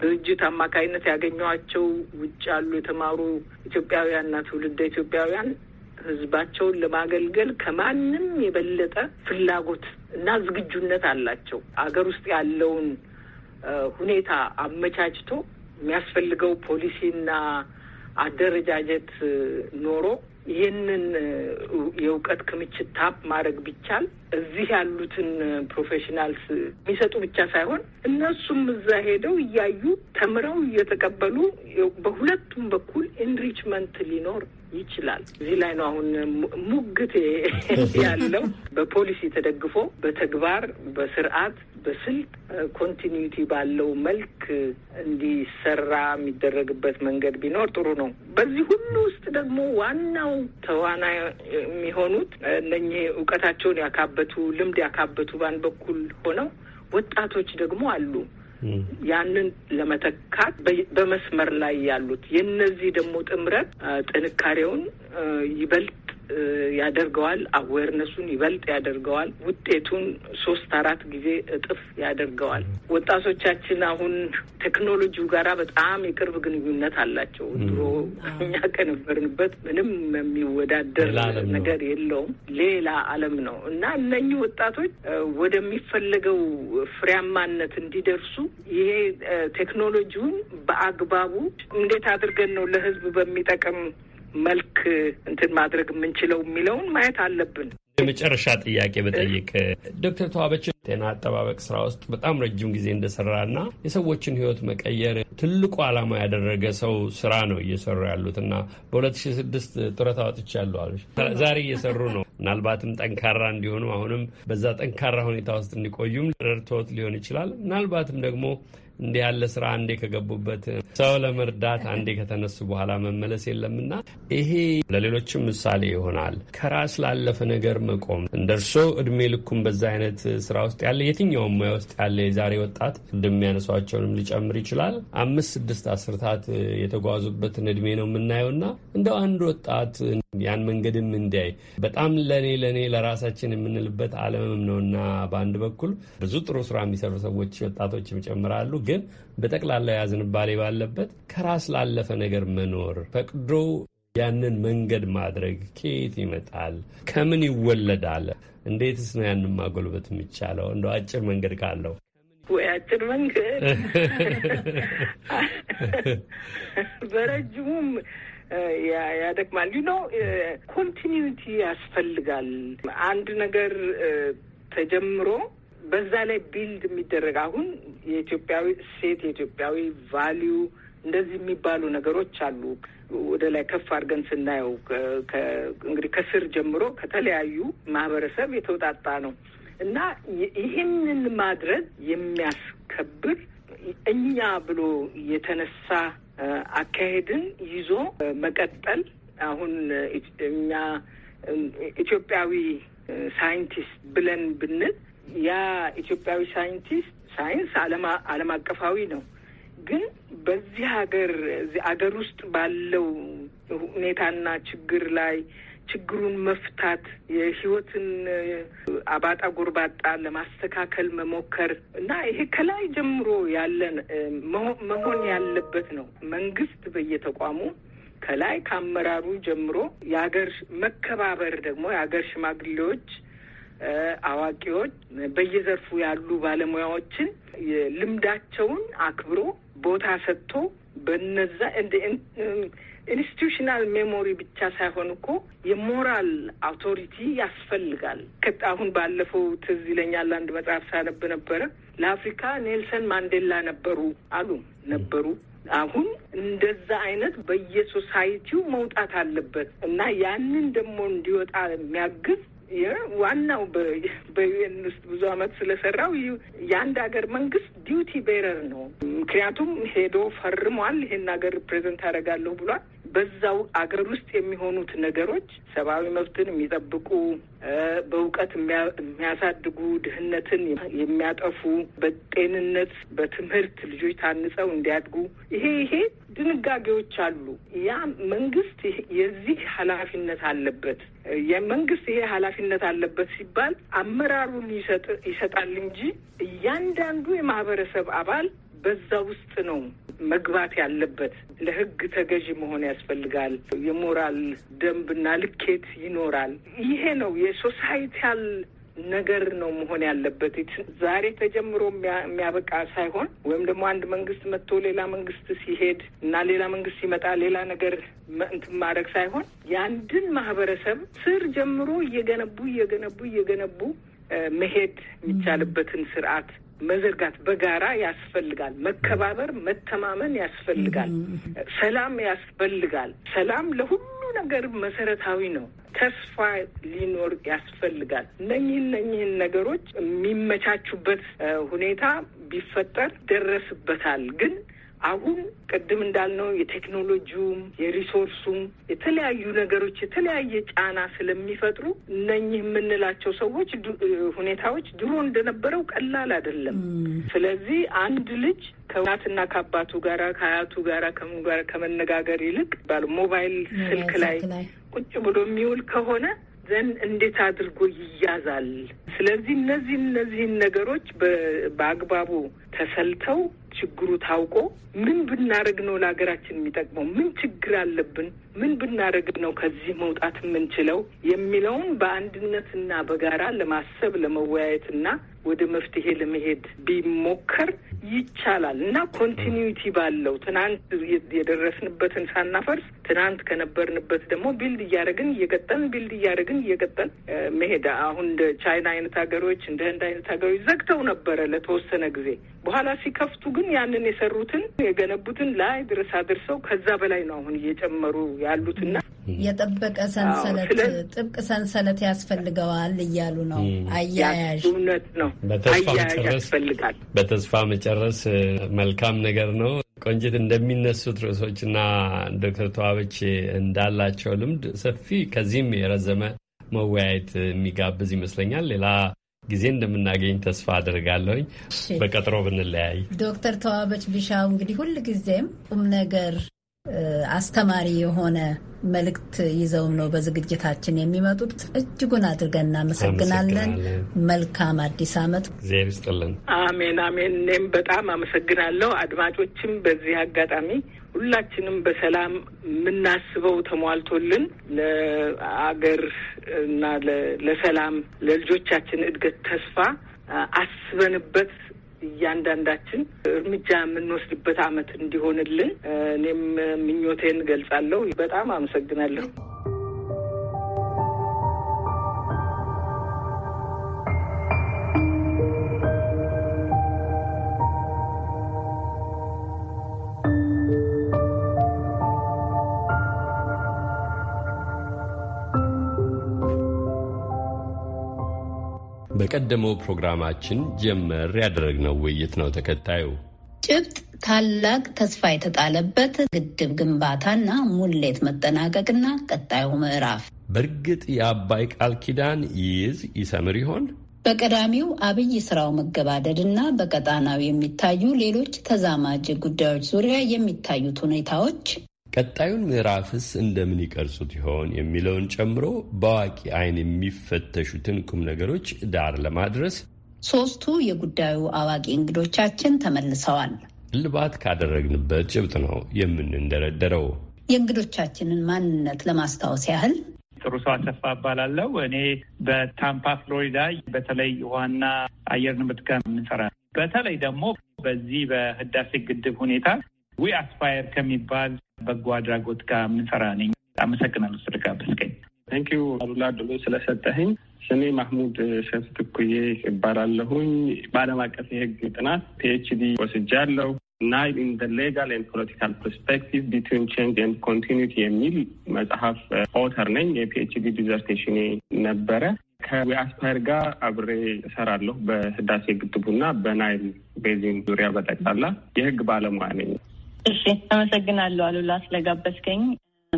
ድርጅት አማካይነት ያገኘኋቸው ውጭ ያሉ የተማሩ ኢትዮጵያውያንና ትውልደ ኢትዮጵያውያን ሕዝባቸውን ለማገልገል ከማንም የበለጠ ፍላጎት እና ዝግጁነት አላቸው። አገር ውስጥ ያለውን ሁኔታ አመቻችቶ የሚያስፈልገው ፖሊሲና አደረጃጀት ኖሮ ይህንን የእውቀት ክምችት ታፕ ማድረግ ቢቻል እዚህ ያሉትን ፕሮፌሽናልስ የሚሰጡ ብቻ ሳይሆን እነሱም እዛ ሄደው እያዩ ተምረው እየተቀበሉ በሁለቱም በኩል ኢንሪችመንት ሊኖር ይችላል። እዚህ ላይ ነው አሁን ሙግቴ ያለው በፖሊሲ ተደግፎ በተግባር በስርዓት በስልት ኮንቲኒዊቲ ባለው መልክ እንዲሰራ የሚደረግበት መንገድ ቢኖር ጥሩ ነው። በዚህ ሁሉ ውስጥ ደግሞ ዋናው ተዋና የሚሆኑት እነኚህ እውቀታቸውን ያካበቱ ልምድ ያካበቱ ባን በኩል ሆነው ወጣቶች ደግሞ አሉ። ያንን ለመተካት በመስመር ላይ ያሉት የነዚህ ደግሞ ጥምረት ጥንካሬውን ይበልጥ ያደርገዋል። አዌርነሱን ይበልጥ ያደርገዋል። ውጤቱን ሶስት አራት ጊዜ እጥፍ ያደርገዋል። ወጣቶቻችን አሁን ቴክኖሎጂው ጋራ በጣም የቅርብ ግንኙነት አላቸው። ድሮ እኛ ከነበርንበት ምንም የሚወዳደር ነገር የለውም። ሌላ ዓለም ነው እና እነኚህ ወጣቶች ወደሚፈለገው ፍሬያማነት እንዲደርሱ ይሄ ቴክኖሎጂውን በአግባቡ እንዴት አድርገን ነው ለሕዝብ በሚጠቅም መልክ እንትን ማድረግ የምንችለው የሚለውን ማየት አለብን። የመጨረሻ ጥያቄ በጠይቅ ዶክተር ተዋበች ጤና አጠባበቅ ስራ ውስጥ በጣም ረጅም ጊዜ እንደሰራና የሰዎችን ህይወት መቀየር ትልቁ ዓላማ ያደረገ ሰው ስራ ነው እየሰሩ ያሉት እና በ2006 ጡረታ ወጥቻለሁ አሉ። ዛሬ እየሰሩ ነው። ምናልባትም ጠንካራ እንዲሆኑ አሁንም በዛ ጠንካራ ሁኔታ ውስጥ እንዲቆዩም ረድቶት ሊሆን ይችላል። ምናልባትም ደግሞ እንዲህ ያለ ስራ አንዴ ከገቡበት ሰው ለመርዳት አንዴ ከተነሱ በኋላ መመለስ የለምና ይሄ ለሌሎችም ምሳሌ ይሆናል። ከራስ ላለፈ ነገር መቆም እንደ እርሶ እድሜ ልኩም በዛ አይነት ስራ ውስጥ ያለ የትኛውም ሙያ ውስጥ ያለ የዛሬ ወጣት ያነሷቸውንም ሊጨምር ይችላል። አምስት ስድስት አስርታት የተጓዙበትን እድሜ ነው የምናየውና እንደው አንድ ወጣት ያን መንገድም እንዲያይ በጣም ለእኔ ለእኔ ለራሳችን የምንልበት ዓለምም ነውና በአንድ በኩል ብዙ ጥሩ ስራ የሚሰሩ ሰዎች ወጣቶች ይጨምራሉ። ግን በጠቅላላ ያ ባለበት ከራስ ላለፈ ነገር መኖር ፈቅዶ ያንን መንገድ ማድረግ ከየት ይመጣል? ከምን ይወለዳል? እንዴትስ ነው ያንን ማጎልበት የሚቻለው? እንደ አጭር መንገድ ካለው ወይ አጭር መንገድ በረጅሙም ያደክማል። ዩ ኖ ያስፈልጋል። አንድ ነገር ተጀምሮ በዛ ላይ ቢልድ የሚደረግ አሁን የኢትዮጵያዊ ሴት የኢትዮጵያዊ ቫሊዩ እንደዚህ የሚባሉ ነገሮች አሉ። ወደ ላይ ከፍ አድርገን ስናየው እንግዲህ ከስር ጀምሮ ከተለያዩ ማህበረሰብ የተውጣጣ ነው እና ይህንን ማድረግ የሚያስከብር እኛ ብሎ የተነሳ አካሄድን ይዞ መቀጠል አሁን እኛ ኢትዮጵያዊ ሳይንቲስት ብለን ብንል ያ ኢትዮጵያዊ ሳይንቲስት ሳይንስ ዓለም አቀፋዊ ነው። ግን በዚህ ሀገር አገር ውስጥ ባለው ሁኔታና ችግር ላይ ችግሩን መፍታት የህይወትን አባጣ ጎርባጣ ለማስተካከል መሞከር እና ይሄ ከላይ ጀምሮ ያለን መሆን ያለበት ነው። መንግስት በየተቋሙ ከላይ ከአመራሩ ጀምሮ የሀገር መከባበር ደግሞ የሀገር ሽማግሌዎች፣ አዋቂዎች፣ በየዘርፉ ያሉ ባለሙያዎችን ልምዳቸውን አክብሮ ቦታ ሰጥቶ በነዛ ኢንስቲቱሽናል ሜሞሪ ብቻ ሳይሆን እኮ የሞራል አውቶሪቲ ያስፈልጋል። አሁን ባለፈው ትዝ ይለኛል አንድ መጽሐፍ ሳነብ ነበረ። ለአፍሪካ ኔልሰን ማንዴላ ነበሩ አሉ ነበሩ። አሁን እንደዛ አይነት በየሶሳይቲው መውጣት አለበት እና ያንን ደግሞ እንዲወጣ የሚያግዝ ዋናው በዩኤን ውስጥ ብዙ አመት ስለሰራው የአንድ ሀገር መንግስት ዲዩቲ ቤረር ነው። ምክንያቱም ሄዶ ፈርሟል፣ ይሄን ሀገር ፕሬዘንት አደርጋለሁ ብሏል። በዛው አገር ውስጥ የሚሆኑት ነገሮች ሰብአዊ መብትን የሚጠብቁ በእውቀት የሚያሳድጉ፣ ድህነትን የሚያጠፉ፣ በጤንነት በትምህርት ልጆች ታንጸው እንዲያድጉ ይሄ ይሄ ድንጋጌዎች አሉ። ያ መንግስት የዚህ ኃላፊነት አለበት። የመንግስት ይሄ ኃላፊ ኃላፊነት አለበት ሲባል አመራሩን ይሰጣል እንጂ እያንዳንዱ የማህበረሰብ አባል በዛ ውስጥ ነው መግባት ያለበት። ለህግ ተገዥ መሆን ያስፈልጋል። የሞራል ደንብና ልኬት ይኖራል። ይሄ ነው የሶሳይቲያል ነገር ነው መሆን ያለበት። ዛሬ ተጀምሮ የሚያበቃ ሳይሆን ወይም ደግሞ አንድ መንግስት መጥቶ ሌላ መንግስት ሲሄድ እና ሌላ መንግስት ሲመጣ ሌላ ነገር እንትን ማድረግ ሳይሆን የአንድን ማህበረሰብ ስር ጀምሮ እየገነቡ እየገነቡ እየገነቡ መሄድ የሚቻልበትን ስርዓት መዘርጋት በጋራ ያስፈልጋል። መከባበር፣ መተማመን ያስፈልጋል። ሰላም ያስፈልጋል። ሰላም ለሁሉ ነገር መሰረታዊ ነው። ተስፋ ሊኖር ያስፈልጋል። እነኝህን እነኝህን ነገሮች የሚመቻቹበት ሁኔታ ቢፈጠር ደረስበታል ግን አሁን ቅድም እንዳልነው የቴክኖሎጂውም የሪሶርሱም የተለያዩ ነገሮች የተለያየ ጫና ስለሚፈጥሩ እነኚህ የምንላቸው ሰዎች ሁኔታዎች ድሮ እንደነበረው ቀላል አይደለም። ስለዚህ አንድ ልጅ ከእናትና ከአባቱ ጋራ ከአያቱ ጋራ ከምን ጋር ከመነጋገር ይልቅ ሞባይል ስልክ ላይ ቁጭ ብሎ የሚውል ከሆነ ዘን እንዴት አድርጎ ይያዛል? ስለዚህ እነዚህ እነዚህን ነገሮች በአግባቡ ተሰልተው ችግሩ ታውቆ ምን ብናደርግ ነው ለሀገራችን የሚጠቅመው? ምን ችግር አለብን? ምን ብናደርግ ነው ከዚህ መውጣት የምንችለው? የሚለውን በአንድነትና በጋራ ለማሰብ ለመወያየትና ወደ መፍትሄ ለመሄድ ቢሞከር ይቻላል እና ኮንቲኒዊቲ ባለው ትናንት የደረስንበትን ሳናፈርስ ትናንት ከነበርንበት ደግሞ ቢልድ እያደረግን እየቀጠልን ቢልድ እያደረግን እየቀጠል መሄድ አሁን እንደ ቻይና አይነት ሀገሮች እንደ ህንድ አይነት ሀገሮች ዘግተው ነበረ ለተወሰነ ጊዜ በኋላ ሲከፍቱ ግን ያንን የሰሩትን የገነቡትን ላይ ድረስ አድርሰው ከዛ በላይ ነው አሁን እየጨመሩ ያሉትና የጠበቀ ሰንሰለት ጥብቅ ሰንሰለት ያስፈልገዋል እያሉ ነው። አያያዥ እውነት ነው። አያያዥ ያስፈልጋል። በተስፋ መጨረስ መልካም ነገር ነው። ቆንጅት እንደሚነሱት ርዕሶችና ዶክተር ተዋበች እንዳላቸው ልምድ ሰፊ ከዚህም የረዘመ መወያየት የሚጋብዝ ይመስለኛል። ሌላ ጊዜ እንደምናገኝ ተስፋ አድርጋለሁኝ። በቀጥሮ ብንለያይ ዶክተር ተዋበች ቢሻው እንግዲህ ሁል ጊዜም ቁም ነገር አስተማሪ የሆነ መልእክት ይዘውም ነው በዝግጅታችን የሚመጡት። እጅጉን አድርገን እናመሰግናለን። መልካም አዲስ ዓመት እግዚአብሔር ይስጥልን። አሜን አሜን። እኔም በጣም አመሰግናለሁ። አድማጮችም በዚህ አጋጣሚ ሁላችንም በሰላም የምናስበው ተሟልቶልን ለአገር እና ለሰላም ለልጆቻችን እድገት ተስፋ አስበንበት እያንዳንዳችን እርምጃ የምንወስድበት ዓመት እንዲሆንልን እኔም ምኞቴን ገልጻለሁ። በጣም አመሰግናለሁ። በቀደመው ፕሮግራማችን ጀመር ያደረግነው ውይይት ነው ተከታዩ ጭብጥ ታላቅ ተስፋ የተጣለበት ግድብ ግንባታና ሙሌት መጠናቀቅና ቀጣዩ ምዕራፍ። በእርግጥ የአባይ ቃል ኪዳን ይይዝ ይሰምር ይሆን? በቀዳሚው አብይ ስራው መገባደድ እና በቀጣናው የሚታዩ ሌሎች ተዛማጅ ጉዳዮች ዙሪያ የሚታዩት ሁኔታዎች ቀጣዩን ምዕራፍስ እንደምን ይቀርጹት ይሆን የሚለውን ጨምሮ በአዋቂ አይን የሚፈተሹትን ቁም ነገሮች ዳር ለማድረስ ሶስቱ የጉዳዩ አዋቂ እንግዶቻችን ተመልሰዋል። እልባት ካደረግንበት ጭብጥ ነው የምንንደረደረው። የእንግዶቻችንን ማንነት ለማስታወስ ያህል ጥሩ ሰው አሰፋ እባላለሁ። እኔ በታምፓ ፍሎሪዳ፣ በተለይ ዋና አየር ንብረት ጋር የምንሰራ በተለይ ደግሞ በዚህ በህዳሴ ግድብ ሁኔታ ዊ አስፓየር ከሚባል በጎ አድራጎት ጋር የምሰራ ነኝ። አመሰግናለሁ ስለጋበዝከኝ። ታንኪዩ አሉላ ድሎ ስለሰጠህኝ። ስሜ ማህሙድ ሸፍትኩዬ ይባላለሁኝ። በዓለም አቀፍ የህግ ጥናት ፒኤችዲ ወስጃለሁ። ናይል ኢን ደ ሌጋል ኤንድ ፖለቲካል ፐርስፔክቲቭ ቢትዊን ቼንጅ ኤንድ ኮንቲኒቲ የሚል መጽሐፍ ኦተር uh, ነኝ። የፒኤችዲ ዲዘርቴሽን ነበረ። ከዊአስፓየር ጋር አብሬ እሰራለሁ። በህዳሴ ግድቡና በናይል ቤዚን ዙሪያ በጠቅላላ የህግ ባለሙያ ነኝ። እሺ፣ አመሰግናለሁ አሉላ ስለጋበዝከኝ።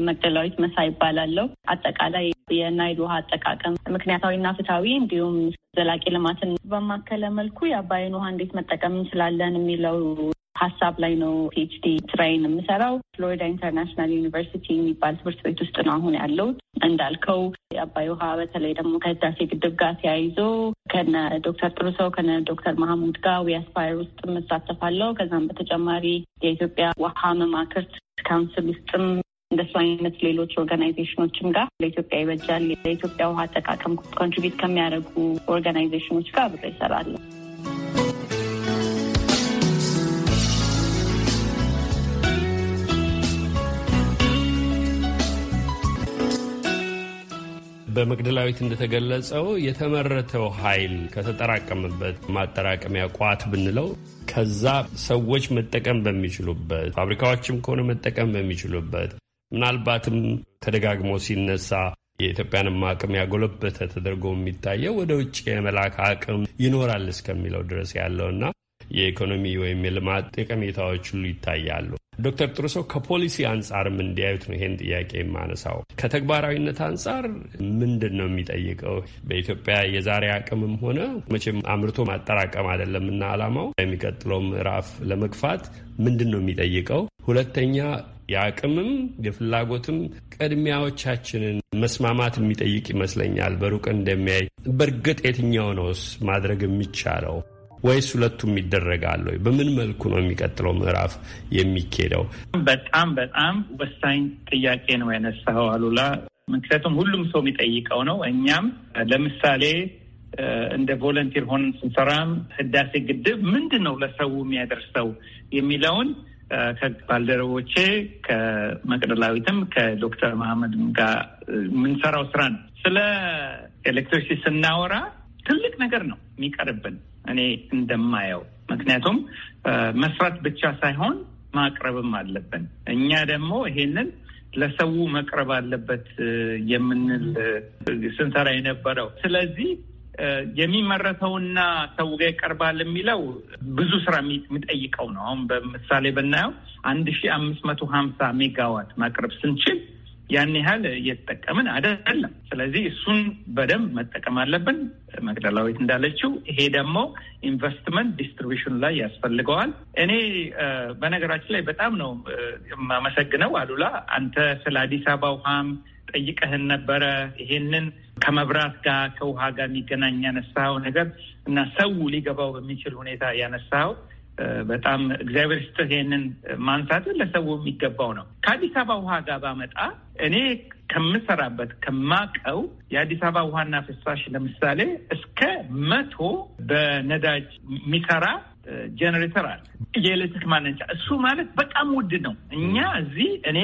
መቅደላዊት መሳይ ይባላለሁ። አጠቃላይ የናይል ውሃ አጠቃቀም ምክንያታዊና ፍትሐዊ እንዲሁም ዘላቂ ልማትን በማከለ መልኩ የአባይን ውሃ እንዴት መጠቀም እንችላለን የሚለው ሀሳብ ላይ ነው ፒኤችዲ ስራዬን የምሰራው። ፍሎሪዳ ኢንተርናሽናል ዩኒቨርሲቲ የሚባል ትምህርት ቤት ውስጥ ነው አሁን ያለሁት። እንዳልከው የአባይ ውሃ በተለይ ደግሞ ከህዳሴ ግድብ ጋር ተያይዞ ከነ ዶክተር ጥሩሰው ከነ ዶክተር መሀሙድ ጋር ዊያስፓየር ውስጥ የምሳተፋለው። ከዛም በተጨማሪ የኢትዮጵያ ውሃ መማክርት ካውንስል ውስጥም እንደሱ አይነት ሌሎች ኦርጋናይዜሽኖችም ጋር ለኢትዮጵያ ይበጃል ለኢትዮጵያ ውሃ አጠቃቀም ኮንትሪቢዩት ከሚያደርጉ ኦርጋናይዜሽኖች ጋር ብሎ ይሰራለን። በመግደላዊት እንደተገለጸው የተመረተው ኃይል ከተጠራቀመበት ማጠራቀሚያ ቋት ብንለው ከዛ ሰዎች መጠቀም በሚችሉበት ፋብሪካዎችም ከሆነ መጠቀም በሚችሉበት ምናልባትም ተደጋግሞ ሲነሳ የኢትዮጵያንም አቅም ያጎለበተ ተደርጎ የሚታየው ወደ ውጭ የመላክ አቅም ይኖራል እስከሚለው ድረስ ያለውና የኢኮኖሚ ወይም የልማት ጠቀሜታዎች ሁሉ ይታያሉ። ዶክተር ጥሩሶ ከፖሊሲ አንጻርም እንዲያዩት ነው ይሄን ጥያቄ የማነሳው። ከተግባራዊነት አንጻር ምንድን ነው የሚጠይቀው? በኢትዮጵያ የዛሬ አቅምም ሆነ መቼም አምርቶ ማጠራቀም አይደለም እና አላማው የሚቀጥለው ምዕራፍ ለመግፋት ምንድን ነው የሚጠይቀው? ሁለተኛ የአቅምም የፍላጎትም ቅድሚያዎቻችንን መስማማት የሚጠይቅ ይመስለኛል። በሩቅ እንደሚያይ በእርግጥ የትኛው ነውስ ማድረግ የሚቻለው? ወይስ ሁለቱም ይደረጋል ወይ? በምን መልኩ ነው የሚቀጥለው ምዕራፍ የሚኬደው? በጣም በጣም ወሳኝ ጥያቄ ነው ያነሳኸው አሉላ። ምክንያቱም ሁሉም ሰው የሚጠይቀው ነው። እኛም ለምሳሌ እንደ ቮለንቲር ሆነን ስንሰራም ህዳሴ ግድብ ምንድን ነው ለሰው የሚያደርሰው የሚለውን ከባልደረቦቼ ከመቅደላዊትም ከዶክተር መሐመድም ጋር የምንሰራው ስራ ነው። ስለ ኤሌክትሪክሲቲ ስናወራ ትልቅ ነገር ነው የሚቀርብን እኔ እንደማየው። ምክንያቱም መስራት ብቻ ሳይሆን ማቅረብም አለብን። እኛ ደግሞ ይሄንን ለሰው መቅረብ አለበት የምንል ስንሰራ የነበረው። ስለዚህ የሚመረተውና ሰው ጋር ይቀርባል የሚለው ብዙ ስራ የሚጠይቀው ነው። አሁን በምሳሌ ብናየው አንድ ሺ አምስት መቶ ሀምሳ ሜጋዋት ማቅረብ ስንችል ያን ያህል እየተጠቀምን አይደለም። ስለዚህ እሱን በደንብ መጠቀም አለብን። መግደላዊት እንዳለችው ይሄ ደግሞ ኢንቨስትመንት ዲስትሪቢሽን ላይ ያስፈልገዋል። እኔ በነገራችን ላይ በጣም ነው የማመሰግነው አሉላ፣ አንተ ስለ አዲስ አበባ ውሃም ጠይቀህን ነበረ። ይሄንን ከመብራት ጋር ከውሃ ጋር የሚገናኝ ያነሳው ነገር እና ሰው ሊገባው በሚችል ሁኔታ ያነሳው በጣም እግዚአብሔር ስጥህ ይህንን ማንሳት ለሰው የሚገባው ነው። ከአዲስ አበባ ውሃ ጋር ባመጣ እኔ ከምሰራበት ከማቀው የአዲስ አበባ ውሃና ፍሳሽ ለምሳሌ እስከ መቶ በነዳጅ የሚሰራ ጀኔሬተር አለ፣ የኤሌክትሪክ ማነጫ። እሱ ማለት በጣም ውድ ነው። እኛ እዚህ እኔ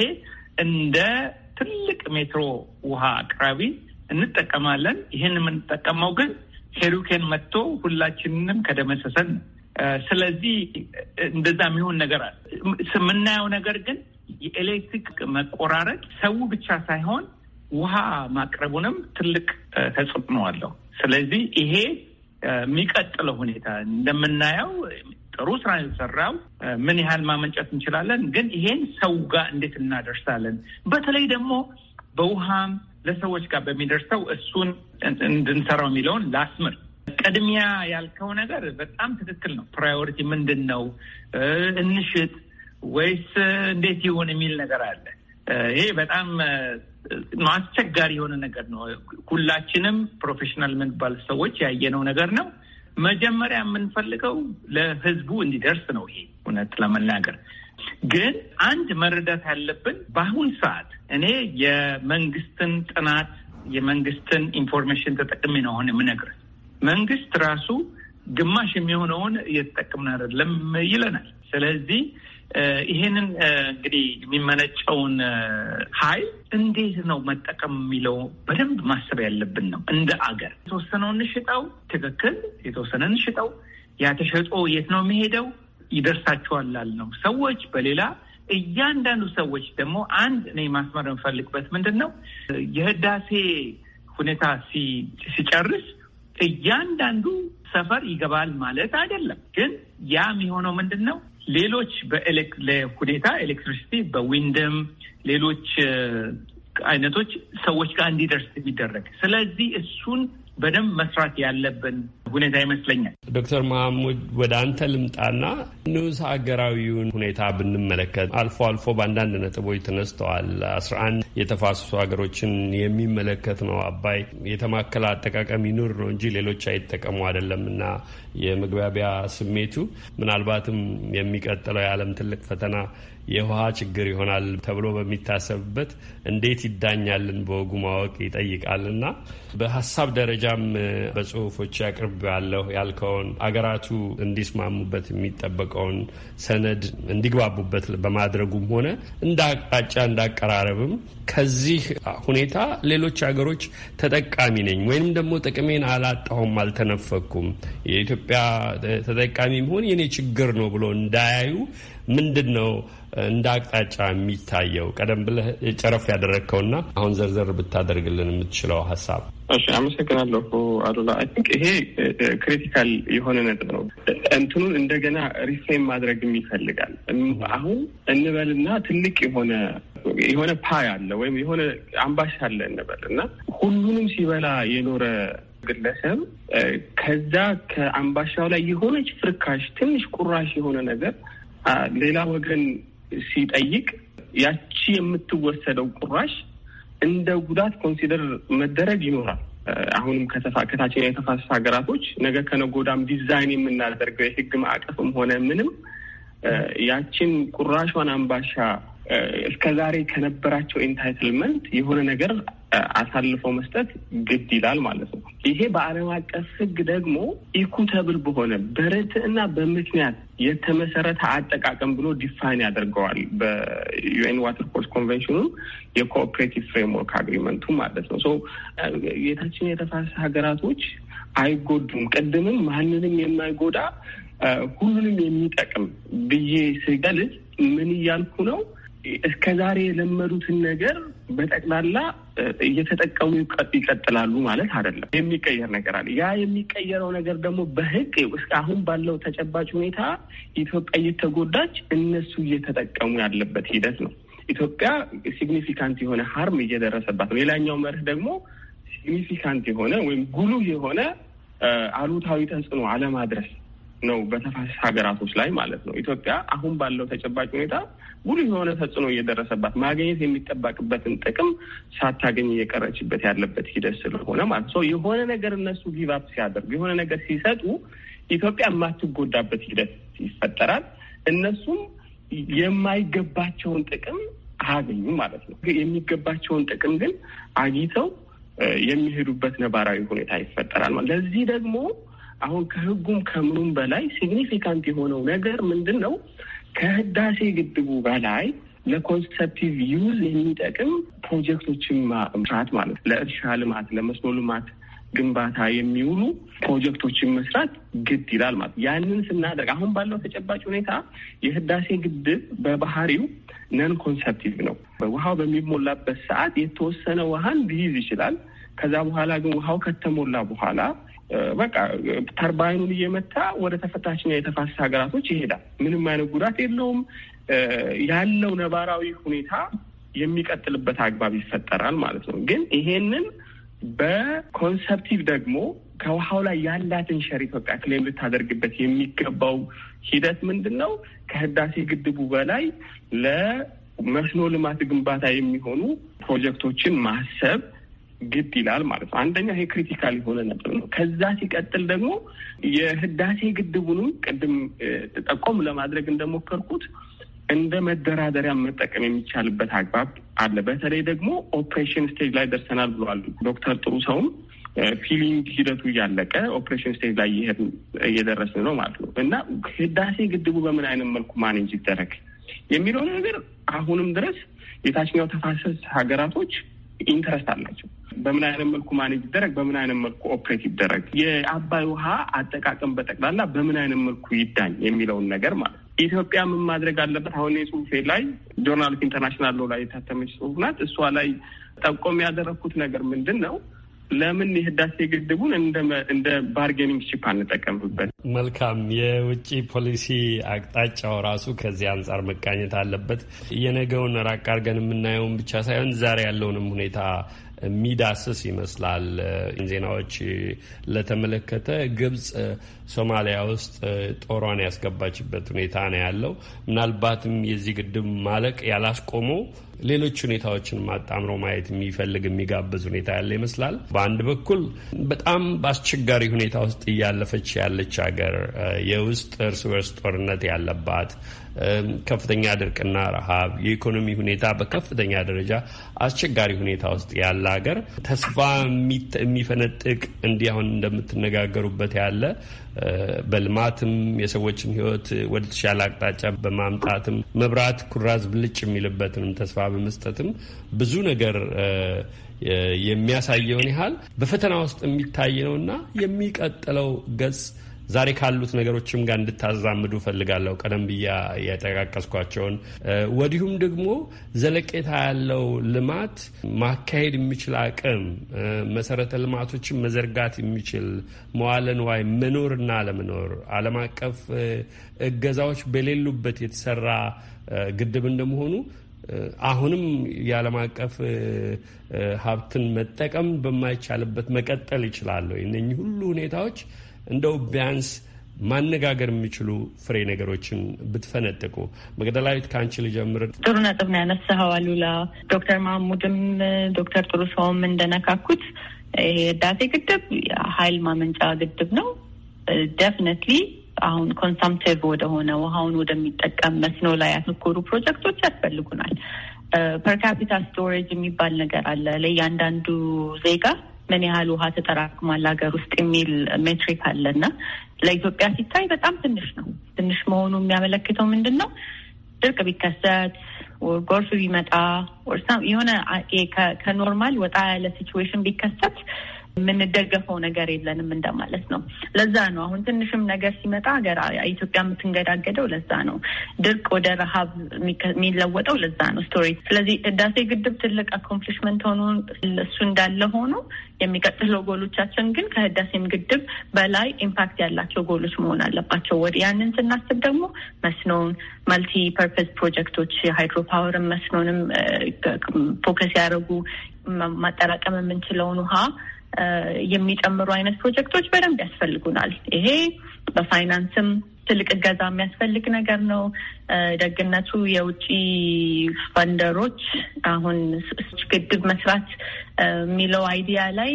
እንደ ትልቅ ሜትሮ ውሃ አቅራቢ እንጠቀማለን። ይህን የምንጠቀመው ግን ሄሪኬን መጥቶ ሁላችንንም ከደመሰሰን ነው። ስለዚህ እንደዛ የሚሆን ነገር አለ። የምናየው ነገር ግን የኤሌክትሪክ መቆራረጥ ሰው ብቻ ሳይሆን ውሃ ማቅረቡንም ትልቅ ተጽዕኖ አለው። ስለዚህ ይሄ የሚቀጥለው ሁኔታ እንደምናየው ጥሩ ስራ የተሰራው ምን ያህል ማመንጨት እንችላለን፣ ግን ይሄን ሰው ጋር እንዴት እናደርሳለን? በተለይ ደግሞ በውሃም ለሰዎች ጋር በሚደርሰው እሱን እንድንሰራው የሚለውን ላስምር ቅድሚያ ያልከው ነገር በጣም ትክክል ነው። ፕራዮሪቲ ምንድን ነው? እንሽጥ ወይስ እንዴት ይሆን የሚል ነገር አለ። ይሄ በጣም አስቸጋሪ የሆነ ነገር ነው። ሁላችንም ፕሮፌሽናል የምንባል ሰዎች ያየነው ነገር ነው። መጀመሪያ የምንፈልገው ለህዝቡ እንዲደርስ ነው። ይሄ እውነት ለመናገር ግን አንድ መረዳት ያለብን በአሁን ሰዓት እኔ የመንግስትን ጥናት የመንግስትን ኢንፎርሜሽን ተጠቅሜ ነው አሁን የምነግርህ መንግስት ራሱ ግማሽ የሚሆነውን እየተጠቀምን አይደለም ይለናል። ስለዚህ ይሄንን እንግዲህ የሚመነጨውን ኃይል እንዴት ነው መጠቀም የሚለው በደንብ ማሰብ ያለብን ነው። እንደ አገር የተወሰነው እንሽጠው፣ ትክክል የተወሰነ እንሽጠው። ያ ተሸጦ የት ነው የሚሄደው? ይደርሳቸዋል ነው ሰዎች በሌላ እያንዳንዱ ሰዎች ደግሞ አንድ እኔ ማስመር የምፈልግበት ምንድን ነው የህዳሴ ሁኔታ ሲጨርስ እያንዳንዱ ሰፈር ይገባል ማለት አይደለም። ግን ያ የሚሆነው ምንድን ነው? ሌሎች ሁኔታ ኤሌክትሪሲቲ በዊንድም ሌሎች አይነቶች ሰዎች ጋር እንዲደርስ የሚደረግ ስለዚህ እሱን በደንብ መስራት ያለብን ሁኔታ ይመስለኛል። ዶክተር መሐሙድ ወደ አንተ ልምጣና ንዑስ ሀገራዊውን ሁኔታ ብንመለከት አልፎ አልፎ በአንዳንድ ነጥቦች ተነስተዋል። አስራ አንድ የተፋሰሱ ሀገሮችን የሚመለከት ነው። አባይ የተማከለ አጠቃቀም ይኑር ነው እንጂ ሌሎች አይጠቀሙ አይደለም እና የመግባቢያ ስሜቱ ምናልባትም የሚቀጥለው የዓለም ትልቅ ፈተና የውሃ ችግር ይሆናል ተብሎ በሚታሰብበት እንዴት ይዳኛልን በወጉ ማወቅ ይጠይቃልና በሀሳብ ደረጃም በጽሁፎች ያቅርብ ያለሁ ያልከውን አገራቱ እንዲስማሙበት የሚጠበቀውን ሰነድ እንዲግባቡበት በማድረጉም ሆነ እንደ አቅጣጫ እንዳቀራረብም ከዚህ ሁኔታ ሌሎች ሀገሮች ተጠቃሚ ነኝ ወይንም ደግሞ ጥቅሜን አላጣሁም፣ አልተነፈኩም የኢትዮጵያ ተጠቃሚ መሆን የኔ ችግር ነው ብሎ እንዳያዩ ምንድን ነው እንደ አቅጣጫ የሚታየው? ቀደም ብለህ ጨረፍ ያደረግከውና አሁን ዘርዘር ብታደርግልን የምትችለው ሀሳብ። እሺ፣ አመሰግናለሁ አሉላ። አይ ቲንክ ይሄ ክሪቲካል የሆነ ነጥብ ነው። እንትኑን እንደገና ሪፍሬም ማድረግ ይፈልጋል። አሁን እንበልና ትልቅ የሆነ የሆነ ፓይ አለ ወይም የሆነ አምባሻ አለ እንበል እና ሁሉንም ሲበላ የኖረ ግለሰብ ከዛ ከአምባሻው ላይ የሆነች ፍርካሽ ትንሽ ቁራሽ የሆነ ነገር ሌላ ወገን ሲጠይቅ ያቺ የምትወሰደው ቁራሽ እንደ ጉዳት ኮንሲደር መደረግ ይኖራል። አሁንም ከታችኛው የተፋሰስ ሀገራቶች ነገ ከነጎዳም ዲዛይን የምናደርገው የህግ ማዕቀፍም ሆነ ምንም ያቺን ቁራሿን አምባሻ እስከዛሬ ከነበራቸው ኢንታይትልመንት የሆነ ነገር አሳልፈው መስጠት ግድ ይላል ማለት ነው። ይሄ በዓለም አቀፍ ሕግ ደግሞ ኢኩተብል በሆነ በርትዕና በምክንያት የተመሰረተ አጠቃቀም ብሎ ዲፋይን ያደርገዋል። በዩኤን ዋተር ኮርስ ኮንቨንሽኑ የኮኦፕሬቲቭ ፍሬምወርክ አግሪመንቱ ማለት ነው። የታችን የተፋሰስ ሀገራቶች አይጎዱም። ቅድምም ማንንም የማይጎዳ ሁሉንም የሚጠቅም ብዬ ስገልጽ ምን እያልኩ ነው? እስከ ዛሬ የለመዱትን ነገር በጠቅላላ እየተጠቀሙ ይቀጥላሉ ማለት አይደለም። የሚቀየር ነገር አለ። ያ የሚቀየረው ነገር ደግሞ በህግ እስካሁን ባለው ተጨባጭ ሁኔታ ኢትዮጵያ እየተጎዳች እነሱ እየተጠቀሙ ያለበት ሂደት ነው። ኢትዮጵያ ሲግኒፊካንት የሆነ ሀርም እየደረሰባት ነው። ሌላኛው መርህ ደግሞ ሲግኒፊካንት የሆነ ወይም ጉልህ የሆነ አሉታዊ ተጽዕኖ አለማድረስ ነው፣ በተፋሰስ ሀገራቶች ላይ ማለት ነው። ኢትዮጵያ አሁን ባለው ተጨባጭ ሁኔታ ጉልህ የሆነ ተጽዕኖ እየደረሰባት ማግኘት የሚጠበቅበትን ጥቅም ሳታገኝ እየቀረችበት ያለበት ሂደት ስለሆነ ማለት ሰው የሆነ ነገር እነሱ ጊቫፕ ሲያደርጉ የሆነ ነገር ሲሰጡ ኢትዮጵያ የማትጎዳበት ሂደት ይፈጠራል። እነሱም የማይገባቸውን ጥቅም አያገኙ ማለት ነው። የሚገባቸውን ጥቅም ግን አግኝተው የሚሄዱበት ነባራዊ ሁኔታ ይፈጠራል ማለት ለዚህ ደግሞ አሁን ከህጉም ከምኑም በላይ ሲግኒፊካንት የሆነው ነገር ምንድን ነው? ከህዳሴ ግድቡ በላይ ለኮንሰርቲቭ ዩዝ የሚጠቅም ፕሮጀክቶችን መስራት ማለት ለእርሻ ልማት፣ ለመስኖ ልማት ግንባታ የሚውሉ ፕሮጀክቶችን መስራት ግድ ይላል ማለት ያንን ስናደርግ አሁን ባለው ተጨባጭ ሁኔታ የህዳሴ ግድብ በባህሪው ነን ኮንሰፕቲቭ ነው። ውሃው በሚሞላበት ሰዓት የተወሰነ ውሃን ሊይዝ ይችላል። ከዛ በኋላ ግን ውሃው ከተሞላ በኋላ በቃ ተርባይኑን እየመታ ወደ ተፈታችና የተፋሰስ ሀገራቶች ይሄዳል። ምንም አይነት ጉዳት የለውም። ያለው ነባራዊ ሁኔታ የሚቀጥልበት አግባብ ይፈጠራል ማለት ነው። ግን ይሄንን በኮንሰፕቲቭ ደግሞ ከውሃው ላይ ያላትን ሸር ኢትዮጵያ ክሌም ልታደርግበት የሚገባው ሂደት ምንድን ነው? ከህዳሴ ግድቡ በላይ ለመስኖ ልማት ግንባታ የሚሆኑ ፕሮጀክቶችን ማሰብ ግድ ይላል ማለት ነው። አንደኛ ይሄ ክሪቲካል የሆነ ነጥብ ነው። ከዛ ሲቀጥል ደግሞ የህዳሴ ግድቡንም ቅድም ጠቆም ለማድረግ እንደሞከርኩት እንደ መደራደሪያ መጠቀም የሚቻልበት አግባብ አለ። በተለይ ደግሞ ኦፕሬሽን ስቴጅ ላይ ደርሰናል ብለዋል ዶክተር ጥሩ ሰውም ፊሊንግ ሂደቱ እያለቀ ኦፕሬሽን ስቴጅ ላይ እየደረስን ነው ማለት ነው እና ህዳሴ ግድቡ በምን አይነት መልኩ ማኔጅ ይደረግ የሚለው ነገር አሁንም ድረስ የታችኛው ተፋሰስ ሀገራቶች ኢንተረስት አላቸው። በምን አይነት መልኩ ማኔጅ ይደረግ፣ በምን አይነት መልኩ ኦፕሬት ይደረግ፣ የአባይ ውሃ አጠቃቀም በጠቅላላ በምን አይነት መልኩ ይዳኝ የሚለውን ነገር ማለት ነው። ኢትዮጵያ ምን ማድረግ አለበት? አሁን የጽሁፌ ላይ ጆርናል ኢንተርናሽናል ላይ የታተመች ጽሁፍ ናት። እሷ ላይ ጠቆም ያደረግኩት ነገር ምንድን ነው ለምን የህዳሴ ግድቡን እንደ ባርጌኒንግ ቺፕ አንጠቀምበት? መልካም የውጭ ፖሊሲ አቅጣጫው ራሱ ከዚህ አንጻር መቃኘት አለበት። የነገውን ራቅ አድርገን የምናየውን ብቻ ሳይሆን ዛሬ ያለውንም ሁኔታ የሚዳስስ ይመስላል። ዜናዎች ለተመለከተ ግብጽ ሶማሊያ ውስጥ ጦሯን ያስገባችበት ሁኔታ ነው ያለው። ምናልባትም የዚህ ግድብ ማለቅ ያላስቆመው ሌሎች ሁኔታዎችን ማጣምሮ ማየት የሚፈልግ የሚጋብዝ ሁኔታ ያለ ይመስላል። በአንድ በኩል በጣም በአስቸጋሪ ሁኔታ ውስጥ እያለፈች ያለች ሀገር የውስጥ እርስ በርስ ጦርነት ያለባት ከፍተኛ ድርቅና ረሃብ፣ የኢኮኖሚ ሁኔታ በከፍተኛ ደረጃ አስቸጋሪ ሁኔታ ውስጥ ያለ ሀገር ተስፋ የሚፈነጥቅ እንዲህ አሁን እንደምትነጋገሩበት ያለ በልማትም የሰዎችን ሕይወት ወደ ተሻለ አቅጣጫ በማምጣትም መብራት ኩራዝ ብልጭ የሚልበትንም ተስፋ በመስጠትም ብዙ ነገር የሚያሳየውን ያህል በፈተና ውስጥ የሚታይ ነውና የሚቀጥለው ገጽ ዛሬ ካሉት ነገሮችም ጋር እንድታዛምዱ ፈልጋለሁ። ቀደም ብያ ያጠቃቀስኳቸውን ወዲሁም ደግሞ ዘለቄታ ያለው ልማት ማካሄድ የሚችል አቅም መሰረተ ልማቶችን መዘርጋት የሚችል መዋለ ንዋይ መኖርና አለመኖር ዓለም አቀፍ እገዛዎች በሌሉበት የተሰራ ግድብ እንደመሆኑ አሁንም የዓለም አቀፍ ሀብትን መጠቀም በማይቻልበት መቀጠል ይችላሉ። እነኚህ ሁሉ ሁኔታዎች እንደው ቢያንስ ማነጋገር የሚችሉ ፍሬ ነገሮችን ብትፈነጥቁ። መቅደላዊት ከአንቺ ልጀምር። ጥሩ ነጥብ ነው ያነሳኸው አሉላ። ዶክተር ማህሙድም ዶክተር ጥሩ ሰውም እንደነካኩት ይሄ ህዳሴ ግድብ ኃይል ማመንጫ ግድብ ነው። ደፍነትሊ አሁን ኮንሳምቲቭ ወደሆነ ውሃውን ወደሚጠቀም መስኖ ላይ ያተኮሩ ፕሮጀክቶች ያስፈልጉናል። ፐርካፒታ ስቶሬጅ የሚባል ነገር አለ። ለእያንዳንዱ ዜጋ ምን ያህል ውሃ ተጠራቅሟል ሀገር ውስጥ የሚል ሜትሪክ አለ እና ለኢትዮጵያ ሲታይ በጣም ትንሽ ነው። ትንሽ መሆኑ የሚያመለክተው ምንድን ነው? ድርቅ ቢከሰት ጎርፍ ቢመጣ የሆነ ከኖርማል ወጣ ያለ ሲቹዌሽን ቢከሰት የምንደገፈው ነገር የለንም እንደማለት ነው። ለዛ ነው አሁን ትንሽም ነገር ሲመጣ ሀገር ኢትዮጵያ የምትንገዳገደው። ለዛ ነው ድርቅ ወደ ረሀብ የሚለወጠው። ለዛ ነው ስቶሪ። ስለዚህ ህዳሴ ግድብ ትልቅ አኮምፕሊሽመንት ሆኖ እሱ እንዳለ ሆኖ የሚቀጥለው ጎሎቻችን ግን ከህዳሴም ግድብ በላይ ኢምፓክት ያላቸው ጎሎች መሆን አለባቸው። ወደ ያንን ስናስብ ደግሞ መስኖን፣ መልቲ ፐርፐዝ ፕሮጀክቶች የሃይድሮ ፓወርን መስኖንም ፎከስ ያደረጉ ማጠራቀም የምንችለውን ውሃ የሚጨምሩ አይነት ፕሮጀክቶች በደንብ ያስፈልጉናል። ይሄ በፋይናንስም ትልቅ እገዛ የሚያስፈልግ ነገር ነው። ደግነቱ የውጭ ፈንደሮች አሁን ግድብ መስራት የሚለው አይዲያ ላይ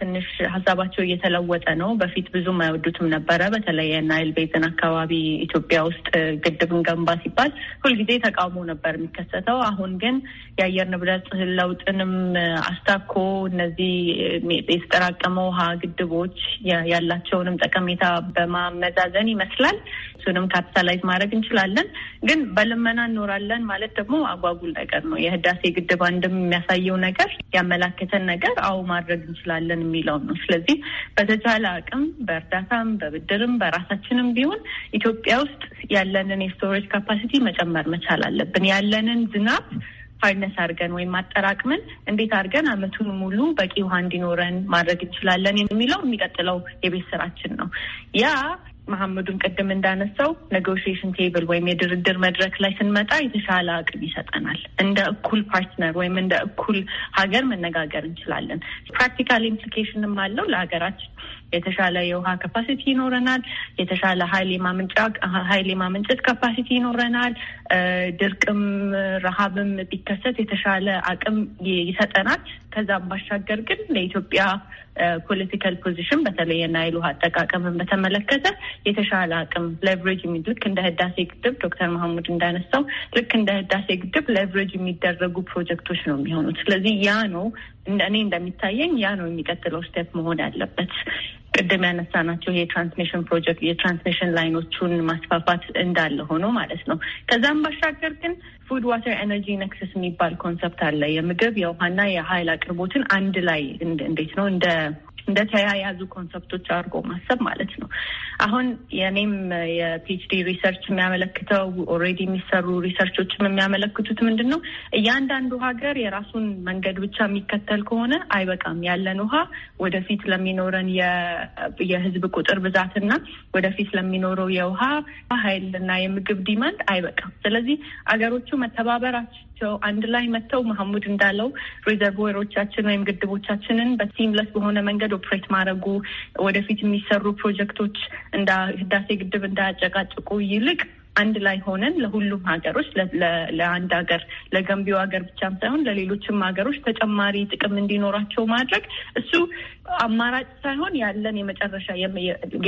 ትንሽ ሀሳባቸው እየተለወጠ ነው። በፊት ብዙም አይወዱትም ነበረ። በተለይ ናይል ቤዝን አካባቢ ኢትዮጵያ ውስጥ ግድብን ገንባ ሲባል ሁልጊዜ ተቃውሞ ነበር የሚከሰተው። አሁን ግን የአየር ንብረት ለውጥንም አስታኮ እነዚህ የተጠራቀመ ውሃ ግድቦች ያላቸውንም ጠቀሜታ በማመዛዘን ይመስላል እሱንም ካፒታላይዝ ማድረግ እንችላለን። ግን በልመና እንኖራለን ማለት ደግሞ አጓጉል ነገር ነው። የህዳሴ ግድብ አንድም የሚያሳየው ነገር ያመላከተን ነገር አዎ ማድረግ እንችላለን የሚለው ነው። ስለዚህ በተቻለ አቅም በእርዳታም በብድርም በራሳችንም ቢሆን ኢትዮጵያ ውስጥ ያለንን የስቶሬጅ ካፓሲቲ መጨመር መቻል አለብን። ያለንን ዝናብ ፋይነስ አድርገን ወይም አጠራቅመን እንዴት አድርገን አመቱን ሙሉ በቂ ውሃ እንዲኖረን ማድረግ እንችላለን የሚለው የሚቀጥለው የቤት ስራችን ነው። ያ መሐመዱን ቅድም እንዳነሳው ኔጎሽዬሽን ቴብል ወይም የድርድር መድረክ ላይ ስንመጣ የተሻለ አቅም ይሰጠናል። እንደ እኩል ፓርትነር ወይም እንደ እኩል ሀገር መነጋገር እንችላለን። ፕራክቲካል ኢምፕሊኬሽንም አለው ለሀገራችን። የተሻለ የውሃ ካፓሲቲ ይኖረናል። የተሻለ ሀይል የማመንጫ ሀይል የማመንጨት ካፓሲቲ ይኖረናል። ድርቅም ረሃብም ቢከሰት የተሻለ አቅም ይሰጠናል። ከዛም ባሻገር ግን ለኢትዮጵያ ፖለቲካል ፖዚሽን በተለይ የናይል ውሃ አጠቃቀምን በተመለከተ የተሻለ አቅም ሌቨሬጅ ልክ እንደ ህዳሴ ግድብ ዶክተር መሐሙድ እንዳነሳው ልክ እንደ ህዳሴ ግድብ ሌቨሬጅ የሚደረጉ ፕሮጀክቶች ነው የሚሆኑት። ስለዚህ ያ ነው እኔ እንደሚታየኝ ያ ነው የሚቀጥለው ስቴፕ መሆን ያለበት። ቅድም ያነሳናቸው የትራንስሚሽን ፕሮጀክት የትራንስሚሽን ላይኖቹን ማስፋፋት እንዳለ ሆኖ ማለት ነው። ከዛም ባሻገር ግን ፉድ ዋተር ኤነርጂ ነክስስ የሚባል ኮንሰፕት አለ። የምግብ የውሃና የሀይል አቅርቦትን አንድ ላይ እንዴት ነው እንደ እንደተያያዙ ኮንሰፕቶች አድርጎ ማሰብ ማለት ነው። አሁን የኔም የፒኤችዲ ሪሰርች የሚያመለክተው ኦልሬዲ የሚሰሩ ሪሰርቾችም የሚያመለክቱት ምንድን ነው፣ እያንዳንዱ ሀገር የራሱን መንገድ ብቻ የሚከተል ከሆነ አይበቃም። ያለን ውሃ ወደፊት ለሚኖረን የህዝብ ቁጥር ብዛትና ወደፊት ለሚኖረው የውሃ ኃይልና የምግብ ዲማንድ አይበቃም። ስለዚህ አገሮቹ መተባበራቸው ናቸው። አንድ ላይ መጥተው መሐሙድ እንዳለው ሪዘርቮሮቻችን ወይም ግድቦቻችንን በሲምለስ በሆነ መንገድ ኦፕሬት ማድረጉ ወደፊት የሚሰሩ ፕሮጀክቶች እንዳ ህዳሴ ግድብ እንዳያጨቃጭቁ ይልቅ አንድ ላይ ሆነን ለሁሉም ሀገሮች ለአንድ ሀገር ለገንቢው ሀገር ብቻም ሳይሆን ለሌሎችም ሀገሮች ተጨማሪ ጥቅም እንዲኖራቸው ማድረግ እሱ አማራጭ ሳይሆን ያለን የመጨረሻ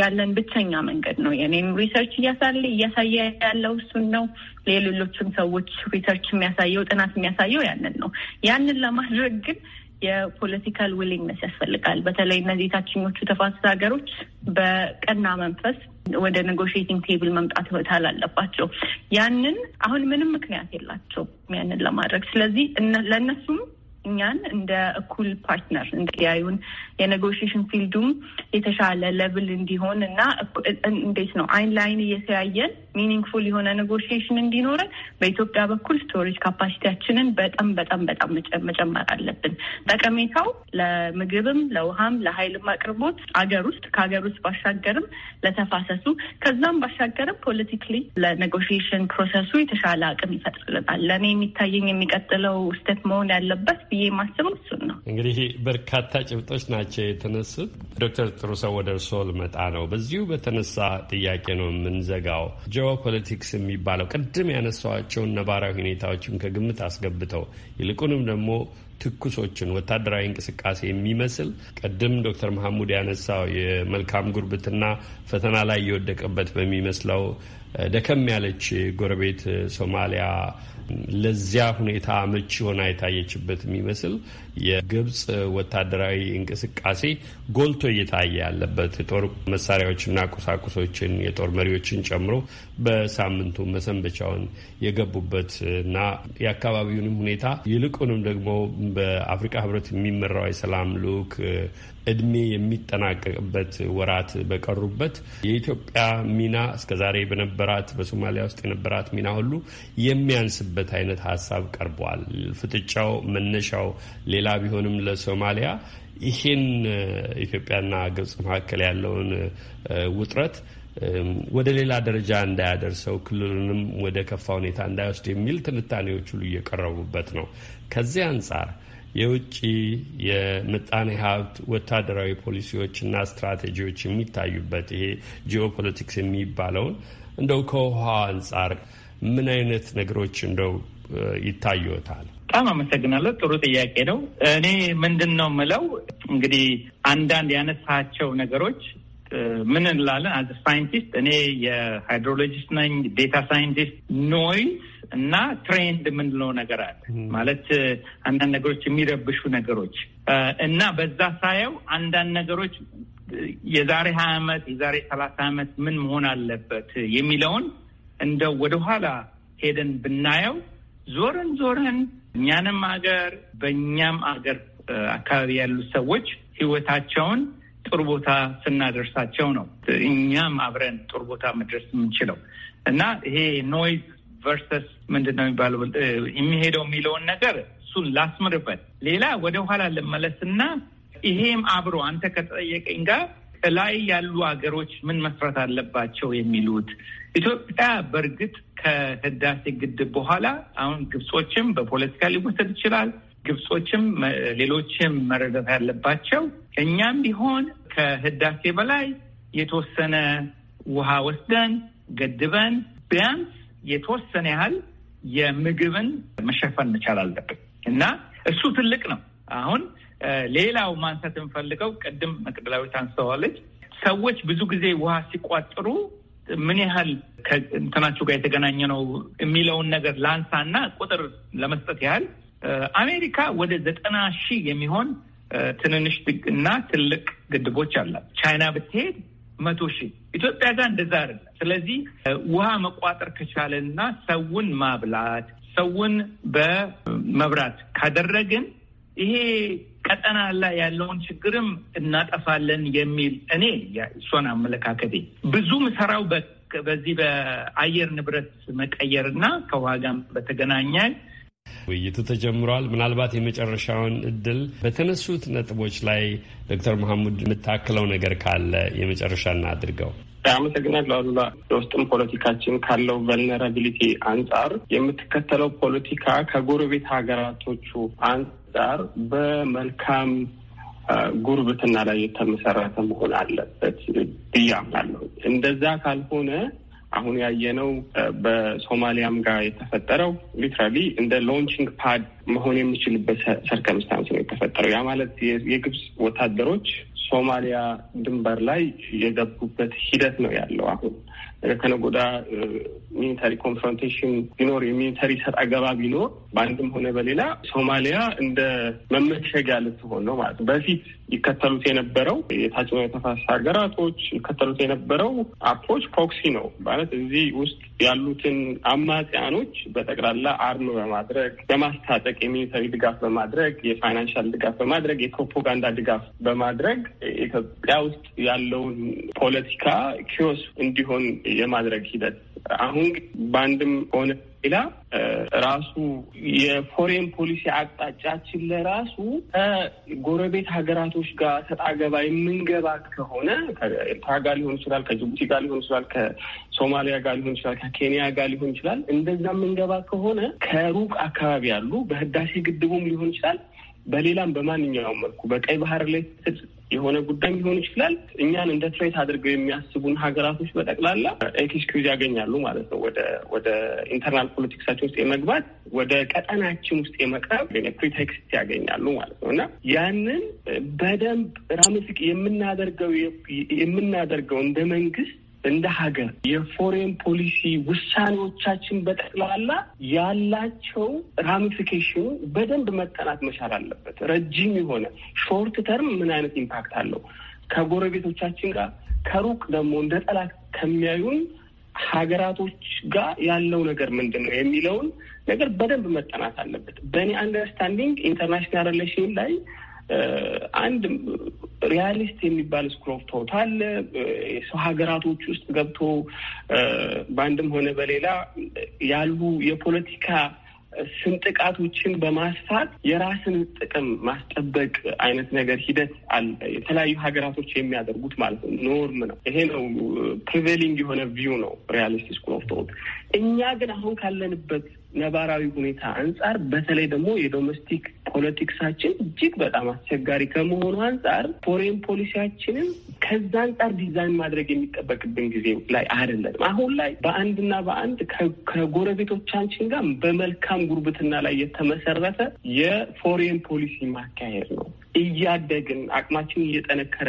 ያለን ብቸኛ መንገድ ነው። የኔም ሪሰርች እያሳለ እያሳየ ያለው እሱን ነው። የሌሎችም ሰዎች ሪሰርች የሚያሳየው ጥናት የሚያሳየው ያንን ነው። ያንን ለማድረግ ግን የፖለቲካል ዊሊንግነስ ያስፈልጋል። በተለይ እነዚህ ታችኞቹ ተፋሰስ ሀገሮች በቀና መንፈስ ወደ ኔጎሽቲንግ ቴብል መምጣት ህወታል አለባቸው። ያንን አሁን ምንም ምክንያት የላቸውም ያንን ለማድረግ። ስለዚህ ለእነሱም እኛን እንደ እኩል ፓርትነር እንዲያዩን የኔጎሽሽን ፊልዱም የተሻለ ለብል እንዲሆን እና እንዴት ነው አይን ለአይን እየተያየን ሚኒንግፉል የሆነ ኔጎሽሽን እንዲኖረን በኢትዮጵያ በኩል ስቶሬጅ ካፓሲቲያችንን በጣም በጣም በጣም መጨመር አለብን። ጠቀሜታው ለምግብም፣ ለውሃም፣ ለሀይልም አቅርቦት አገር ውስጥ ከሀገር ውስጥ ባሻገርም ለተፋሰሱ ከዛም ባሻገርም ፖለቲካሊ ለኔጎሽሽን ፕሮሰሱ የተሻለ አቅም ይፈጥርልናል። ለእኔ የሚታየኝ የሚቀጥለው ስቴፕ መሆን ያለበት ብዬ ማስበው እሱን ነው። እንግዲህ በርካታ ጭብጦች ናቸው የተነሱት። ዶክተር ጥሩሰው ወደ እርስዎ ልመጣ ነው። በዚሁ በተነሳ ጥያቄ ነው የምንዘጋው ጆ የጀርባ ፖለቲክስ የሚባለው ቅድም ያነሷቸውን ነባራዊ ሁኔታዎችን ከግምት አስገብተው ይልቁንም ደግሞ ትኩሶችን ወታደራዊ እንቅስቃሴ የሚመስል ቅድም ዶክተር መሐሙድ ያነሳው የመልካም ጉርብትና ፈተና ላይ የወደቀበት በሚመስለው ደከም ያለች ጎረቤት ሶማሊያ ለዚያ ሁኔታ አመቺ ሆና የታየችበት የሚመስል የግብፅ ወታደራዊ እንቅስቃሴ ጎልቶ እየታየ ያለበት የጦር መሳሪያዎችና ቁሳቁሶችን የጦር መሪዎችን ጨምሮ በሳምንቱ መሰንበቻውን የገቡበት እና የአካባቢውንም ሁኔታ ይልቁንም ደግሞ በአፍሪካ ሕብረት የሚመራው የሰላም ልዑክ እድሜ የሚጠናቀቅበት ወራት በቀሩበት የኢትዮጵያ ሚና እስከዛሬ በነበራት በሶማሊያ ውስጥ የነበራት ሚና ሁሉ የሚያንስበት የሚደርስበት አይነት ሀሳብ ቀርቧል። ፍጥጫው መነሻው ሌላ ቢሆንም ለሶማሊያ ይህን ኢትዮጵያና ግብጽ መካከል ያለውን ውጥረት ወደ ሌላ ደረጃ እንዳያደርሰው ክልሉንም ወደ ከፋ ሁኔታ እንዳይወስድ የሚል ትንታኔዎች ሁሉ እየቀረቡበት ነው። ከዚህ አንጻር የውጭ የምጣኔ ሀብት ወታደራዊ ፖሊሲዎችና ስትራቴጂዎች የሚታዩበት ይሄ ጂኦፖለቲክስ የሚባለውን እንደው ከውሃ አንጻር ምን አይነት ነገሮች እንደው ይታዩታል? በጣም አመሰግናለሁ። ጥሩ ጥያቄ ነው። እኔ ምንድን ነው የምለው እንግዲህ አንዳንድ ያነሳቸው ነገሮች ምን እንላለን አዘ ሳይንቲስት እኔ የሃይድሮሎጂስት ነኝ፣ ዴታ ሳይንቲስት ኖይስ እና ትሬንድ የምንለው ነገር አለ ማለት አንዳንድ ነገሮች የሚረብሹ ነገሮች እና በዛ ሳየው አንዳንድ ነገሮች የዛሬ ሀያ ዓመት የዛሬ ሰላሳ ዓመት ምን መሆን አለበት የሚለውን እንደው ወደኋላ ሄደን ብናየው ዞረን ዞረን እኛንም አገር በእኛም አገር አካባቢ ያሉት ሰዎች ህይወታቸውን ጥሩ ቦታ ስናደርሳቸው ነው እኛም አብረን ጥሩ ቦታ መድረስ የምንችለው እና ይሄ ኖይዝ ቨርሰስ ምንድን ነው የሚባለው የሚሄደው የሚለውን ነገር እሱን ላስምርበት። ሌላ ወደኋላ ልመለስና ይሄም አብሮ አንተ ከጠየቀኝ ጋር ላይ ያሉ ሀገሮች ምን መስራት አለባቸው የሚሉት ኢትዮጵያ በእርግጥ ከህዳሴ ግድብ በኋላ አሁን ግብጾችም በፖለቲካ ሊወሰድ ይችላል። ግብጾችም ሌሎችም መረዳት ያለባቸው እኛም ቢሆን ከህዳሴ በላይ የተወሰነ ውሃ ወስደን ገድበን ቢያንስ የተወሰነ ያህል የምግብን መሸፈን መቻል አለብን እና እሱ ትልቅ ነው። አሁን ሌላው ማንሳት የምፈልገው ቅድም መቅደላዊት አንስተዋለች። ሰዎች ብዙ ጊዜ ውሃ ሲቋጥሩ ምን ያህል ከእንትናቸሁ ጋር የተገናኘ ነው የሚለውን ነገር ላንሳና ቁጥር ለመስጠት ያህል አሜሪካ ወደ ዘጠና ሺህ የሚሆን ትንንሽ እና ትልቅ ግድቦች አላት። ቻይና ብትሄድ መቶ ሺህ ኢትዮጵያ ጋር እንደዛ አይደለም። ስለዚህ ውሃ መቋጠር ከቻለና ሰውን ማብላት ሰውን በመብራት ካደረግን ይሄ ቀጠና ላይ ያለውን ችግርም እናጠፋለን የሚል እኔ እሷን አመለካከቴ ብዙ ምሰራው በዚህ በአየር ንብረት መቀየርና እና ከዋጋም በተገናኛል ውይይቱ ተጀምሯል። ምናልባት የመጨረሻውን እድል በተነሱት ነጥቦች ላይ ዶክተር መሐሙድ የምታክለው ነገር ካለ የመጨረሻና አድርገው። አመሰግናለሁ አሉላ። የውስጥም ፖለቲካችን ካለው ቨልነራቢሊቲ አንጻር የምትከተለው ፖለቲካ ከጎረቤት ሀገራቶቹ አንጻር በመልካም ጉርብትና ላይ የተመሰረተ መሆን አለበት ብዬ አምናለሁ። እንደዛ ካልሆነ አሁን ያየነው በሶማሊያም ጋር የተፈጠረው ሊትራሊ እንደ ሎንቺንግ ፓድ መሆን የሚችልበት ሰርከምስታንስ ነው የተፈጠረው። ያ ማለት የግብፅ ወታደሮች ሶማሊያ ድንበር ላይ የገቡበት ሂደት ነው ያለው። አሁን ከነጎዳ ሚሊታሪ ኮንፍሮንቴሽን ቢኖር የሚሊታሪ ሰጥ አገባ ቢኖር በአንድም ሆነ በሌላ ሶማሊያ እንደ መመሸጊያ ልትሆን ነው ማለት ነው። በፊት ይከተሉት የነበረው የታችኛው ተፋሰስ ሀገራቶች ይከተሉት የነበረው አፕሮች ፕሮክሲ ነው ማለት እዚህ ውስጥ ያሉትን አማጽያኖች በጠቅላላ አርም በማድረግ በማስታጠቅ የሚሊታሪ ድጋፍ በማድረግ የፋይናንሻል ድጋፍ በማድረግ የፕሮፓጋንዳ ድጋፍ በማድረግ ኢትዮጵያ ውስጥ ያለውን ፖለቲካ ኪዮስ እንዲሆን የማድረግ ሂደት አሁን መንግስት በአንድም ሆነ ሌላ ራሱ የፎሬን ፖሊሲ አቅጣጫችን ለራሱ ከጎረቤት ሀገራቶች ጋር ተጣገባ የምንገባ ከሆነ ከኤርትራ ጋር ሊሆን ይችላል፣ ከጅቡቲ ጋር ሊሆን ይችላል፣ ከሶማሊያ ጋር ሊሆን ይችላል፣ ከኬንያ ጋር ሊሆን ይችላል። እንደዛ የምንገባ ከሆነ ከሩቅ አካባቢ ያሉ በህዳሴ ግድቡም ሊሆን ይችላል በሌላም በማንኛውም መልኩ በቀይ ባህር ላይ የሆነ ጉዳይ ሊሆን ይችላል። እኛን እንደ ትሬት አድርገው የሚያስቡን ሀገራቶች በጠቅላላ ኤክስኪውዝ ያገኛሉ ማለት ነው። ወደ ወደ ኢንተርናል ፖለቲክሳችን ውስጥ የመግባት ወደ ቀጠናችን ውስጥ የመቅረብ ፕሪቴክስት ያገኛሉ ማለት ነው እና ያንን በደንብ ራምስቅ የምናደርገው የምናደርገው እንደ መንግስት እንደ ሀገር የፎሬን ፖሊሲ ውሳኔዎቻችን በጠቅላላ ያላቸው ራሚፊኬሽኑ በደንብ መጠናት መቻል አለበት። ረጅም የሆነ ሾርት ተርም ምን አይነት ኢምፓክት አለው ከጎረቤቶቻችን ጋር ከሩቅ ደግሞ እንደ ጠላት ከሚያዩን ሀገራቶች ጋር ያለው ነገር ምንድን ነው የሚለውን ነገር በደንብ መጠናት አለበት። በእኔ አንደርስታንዲንግ ኢንተርናሽናል ሪሌሽን ላይ አንድ ሪያሊስት የሚባል ስኩል ኦፍ ቶት አለ። የሰው ሀገራቶች ውስጥ ገብቶ በአንድም ሆነ በሌላ ያሉ የፖለቲካ ስንጥቃቶችን በማስፋት የራስን ጥቅም ማስጠበቅ አይነት ነገር ሂደት አለ። የተለያዩ ሀገራቶች የሚያደርጉት ማለት ነው። ኖርም ነው። ይሄ ነው ፕሪቬሊንግ የሆነ ቪው ነው ሪያሊስት ስኩል ኦፍ ቶት። እኛ ግን አሁን ካለንበት ነባራዊ ሁኔታ አንጻር በተለይ ደግሞ የዶሜስቲክ ፖለቲክሳችን እጅግ በጣም አስቸጋሪ ከመሆኑ አንጻር ፎሬን ፖሊሲያችንን ከዛ አንጻር ዲዛይን ማድረግ የሚጠበቅብን ጊዜ ላይ አይደለም። አሁን ላይ በአንድና በአንድ ከጎረቤቶቻችን ጋር በመልካም ጉርብትና ላይ የተመሰረተ የፎሬን ፖሊሲ ማካሄድ ነው። እያደግን አቅማችን እየጠነከረ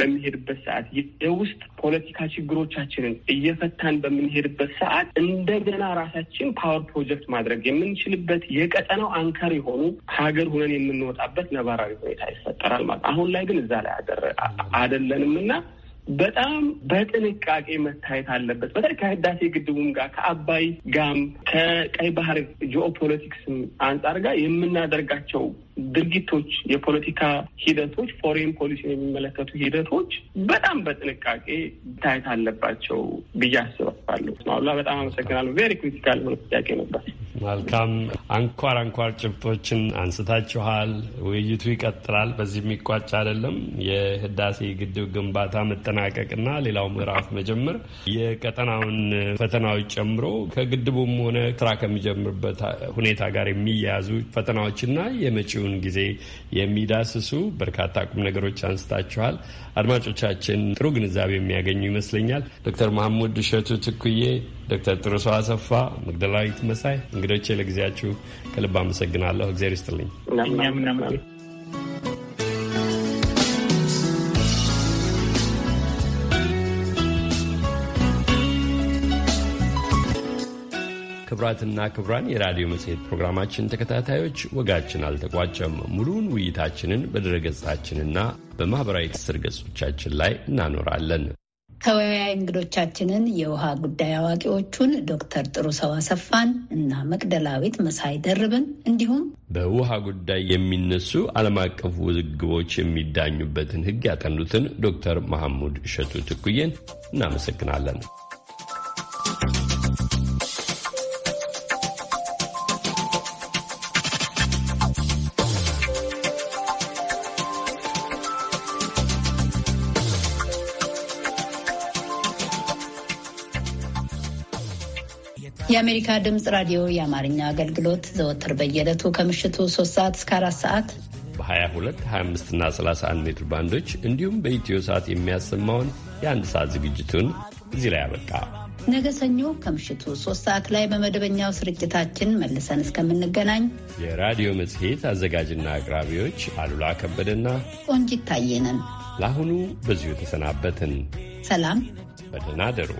በሚሄድበት ሰዓት የውስጥ ፖለቲካ ችግሮቻችንን እየፈታን በምንሄድበት ሰዓት እንደገና ራሳችን ፓወር ፕሮጀክት ማድረግ የምንችልበት የቀጠናው አንከር የሆኑ ሀገር ሁነን የምንወጣበት ነባራዊ ሁኔታ ይፈጠራል ማለት አሁን ላይ ግን እዛ ላይ አደለንም እና በጣም በጥንቃቄ መታየት አለበት። በተለይ ከህዳሴ ግድቡም ጋር ከአባይ ጋም ከቀይ ባህር ጂኦፖለቲክስም አንጻር ጋር የምናደርጋቸው ድርጊቶች፣ የፖለቲካ ሂደቶች፣ ፎሬን ፖሊሲን የሚመለከቱ ሂደቶች በጣም በጥንቃቄ ታየት አለባቸው ብዬ አስባለሁ። አሉላ በጣም አመሰግናለሁ። ቬሪ ክሪቲካል ሆነ ጥያቄ ነበር። መልካም አንኳር አንኳር ጭብጦችን አንስታችኋል። ውይይቱ ይቀጥላል፣ በዚህ የሚቋጭ አይደለም። የህዳሴ ግድብ ግንባታ መጠናቀቅና ሌላው ምዕራፍ መጀመር የቀጠናውን ፈተናዎች ጨምሮ ከግድቡም ሆነ ስራ ከሚጀምርበት ሁኔታ ጋር የሚያያዙ ፈተናዎችና የመጪውን የወቅቱን ጊዜ የሚዳስሱ በርካታ ቁም ነገሮች አንስታችኋል። አድማጮቻችን ጥሩ ግንዛቤ የሚያገኙ ይመስለኛል። ዶክተር መሐሙድ እሸቱ ትኩዬ፣ ዶክተር ጥሩሰው አሰፋ፣ መግደላዊት መሳይ እንግዶቼ ለጊዜያችሁ ከልብ አመሰግናለሁ። እግዚአብሔር ይስጥልኝ። ክብራትና ክብራን የራዲዮ መጽሔት ፕሮግራማችን ተከታታዮች ወጋችን አልተቋጨም። ሙሉውን ውይይታችንን በድረገጻችንና በማኅበራዊ ትስስር ገጾቻችን ላይ እናኖራለን። ተወያይ እንግዶቻችንን የውሃ ጉዳይ አዋቂዎቹን ዶክተር ጥሩ ሰው አሰፋን እና መቅደላዊት መሳይ ደርብን እንዲሁም በውሃ ጉዳይ የሚነሱ ዓለም አቀፍ ውዝግቦች የሚዳኙበትን ሕግ ያጠኑትን ዶክተር መሐሙድ እሸቱ ትኩዬን እናመሰግናለን። የአሜሪካ ድምፅ ራዲዮ የአማርኛ አገልግሎት ዘወትር በየዕለቱ ከምሽቱ 3 ሰዓት እስከ 4 ሰዓት በ22፣ 25 እና 31 ሜትር ባንዶች እንዲሁም በኢትዮ ሰዓት የሚያሰማውን የአንድ ሰዓት ዝግጅቱን እዚህ ላይ አበቃ። ነገ ሰኞ ከምሽቱ 3 ሰዓት ላይ በመደበኛው ስርጭታችን መልሰን እስከምንገናኝ የራዲዮ መጽሔት አዘጋጅና አቅራቢዎች አሉላ ከበደና ቆንጂት ታየ ለአሁኑ በዚሁ ተሰናበትን። ሰላም፣ በደህና አደሩ።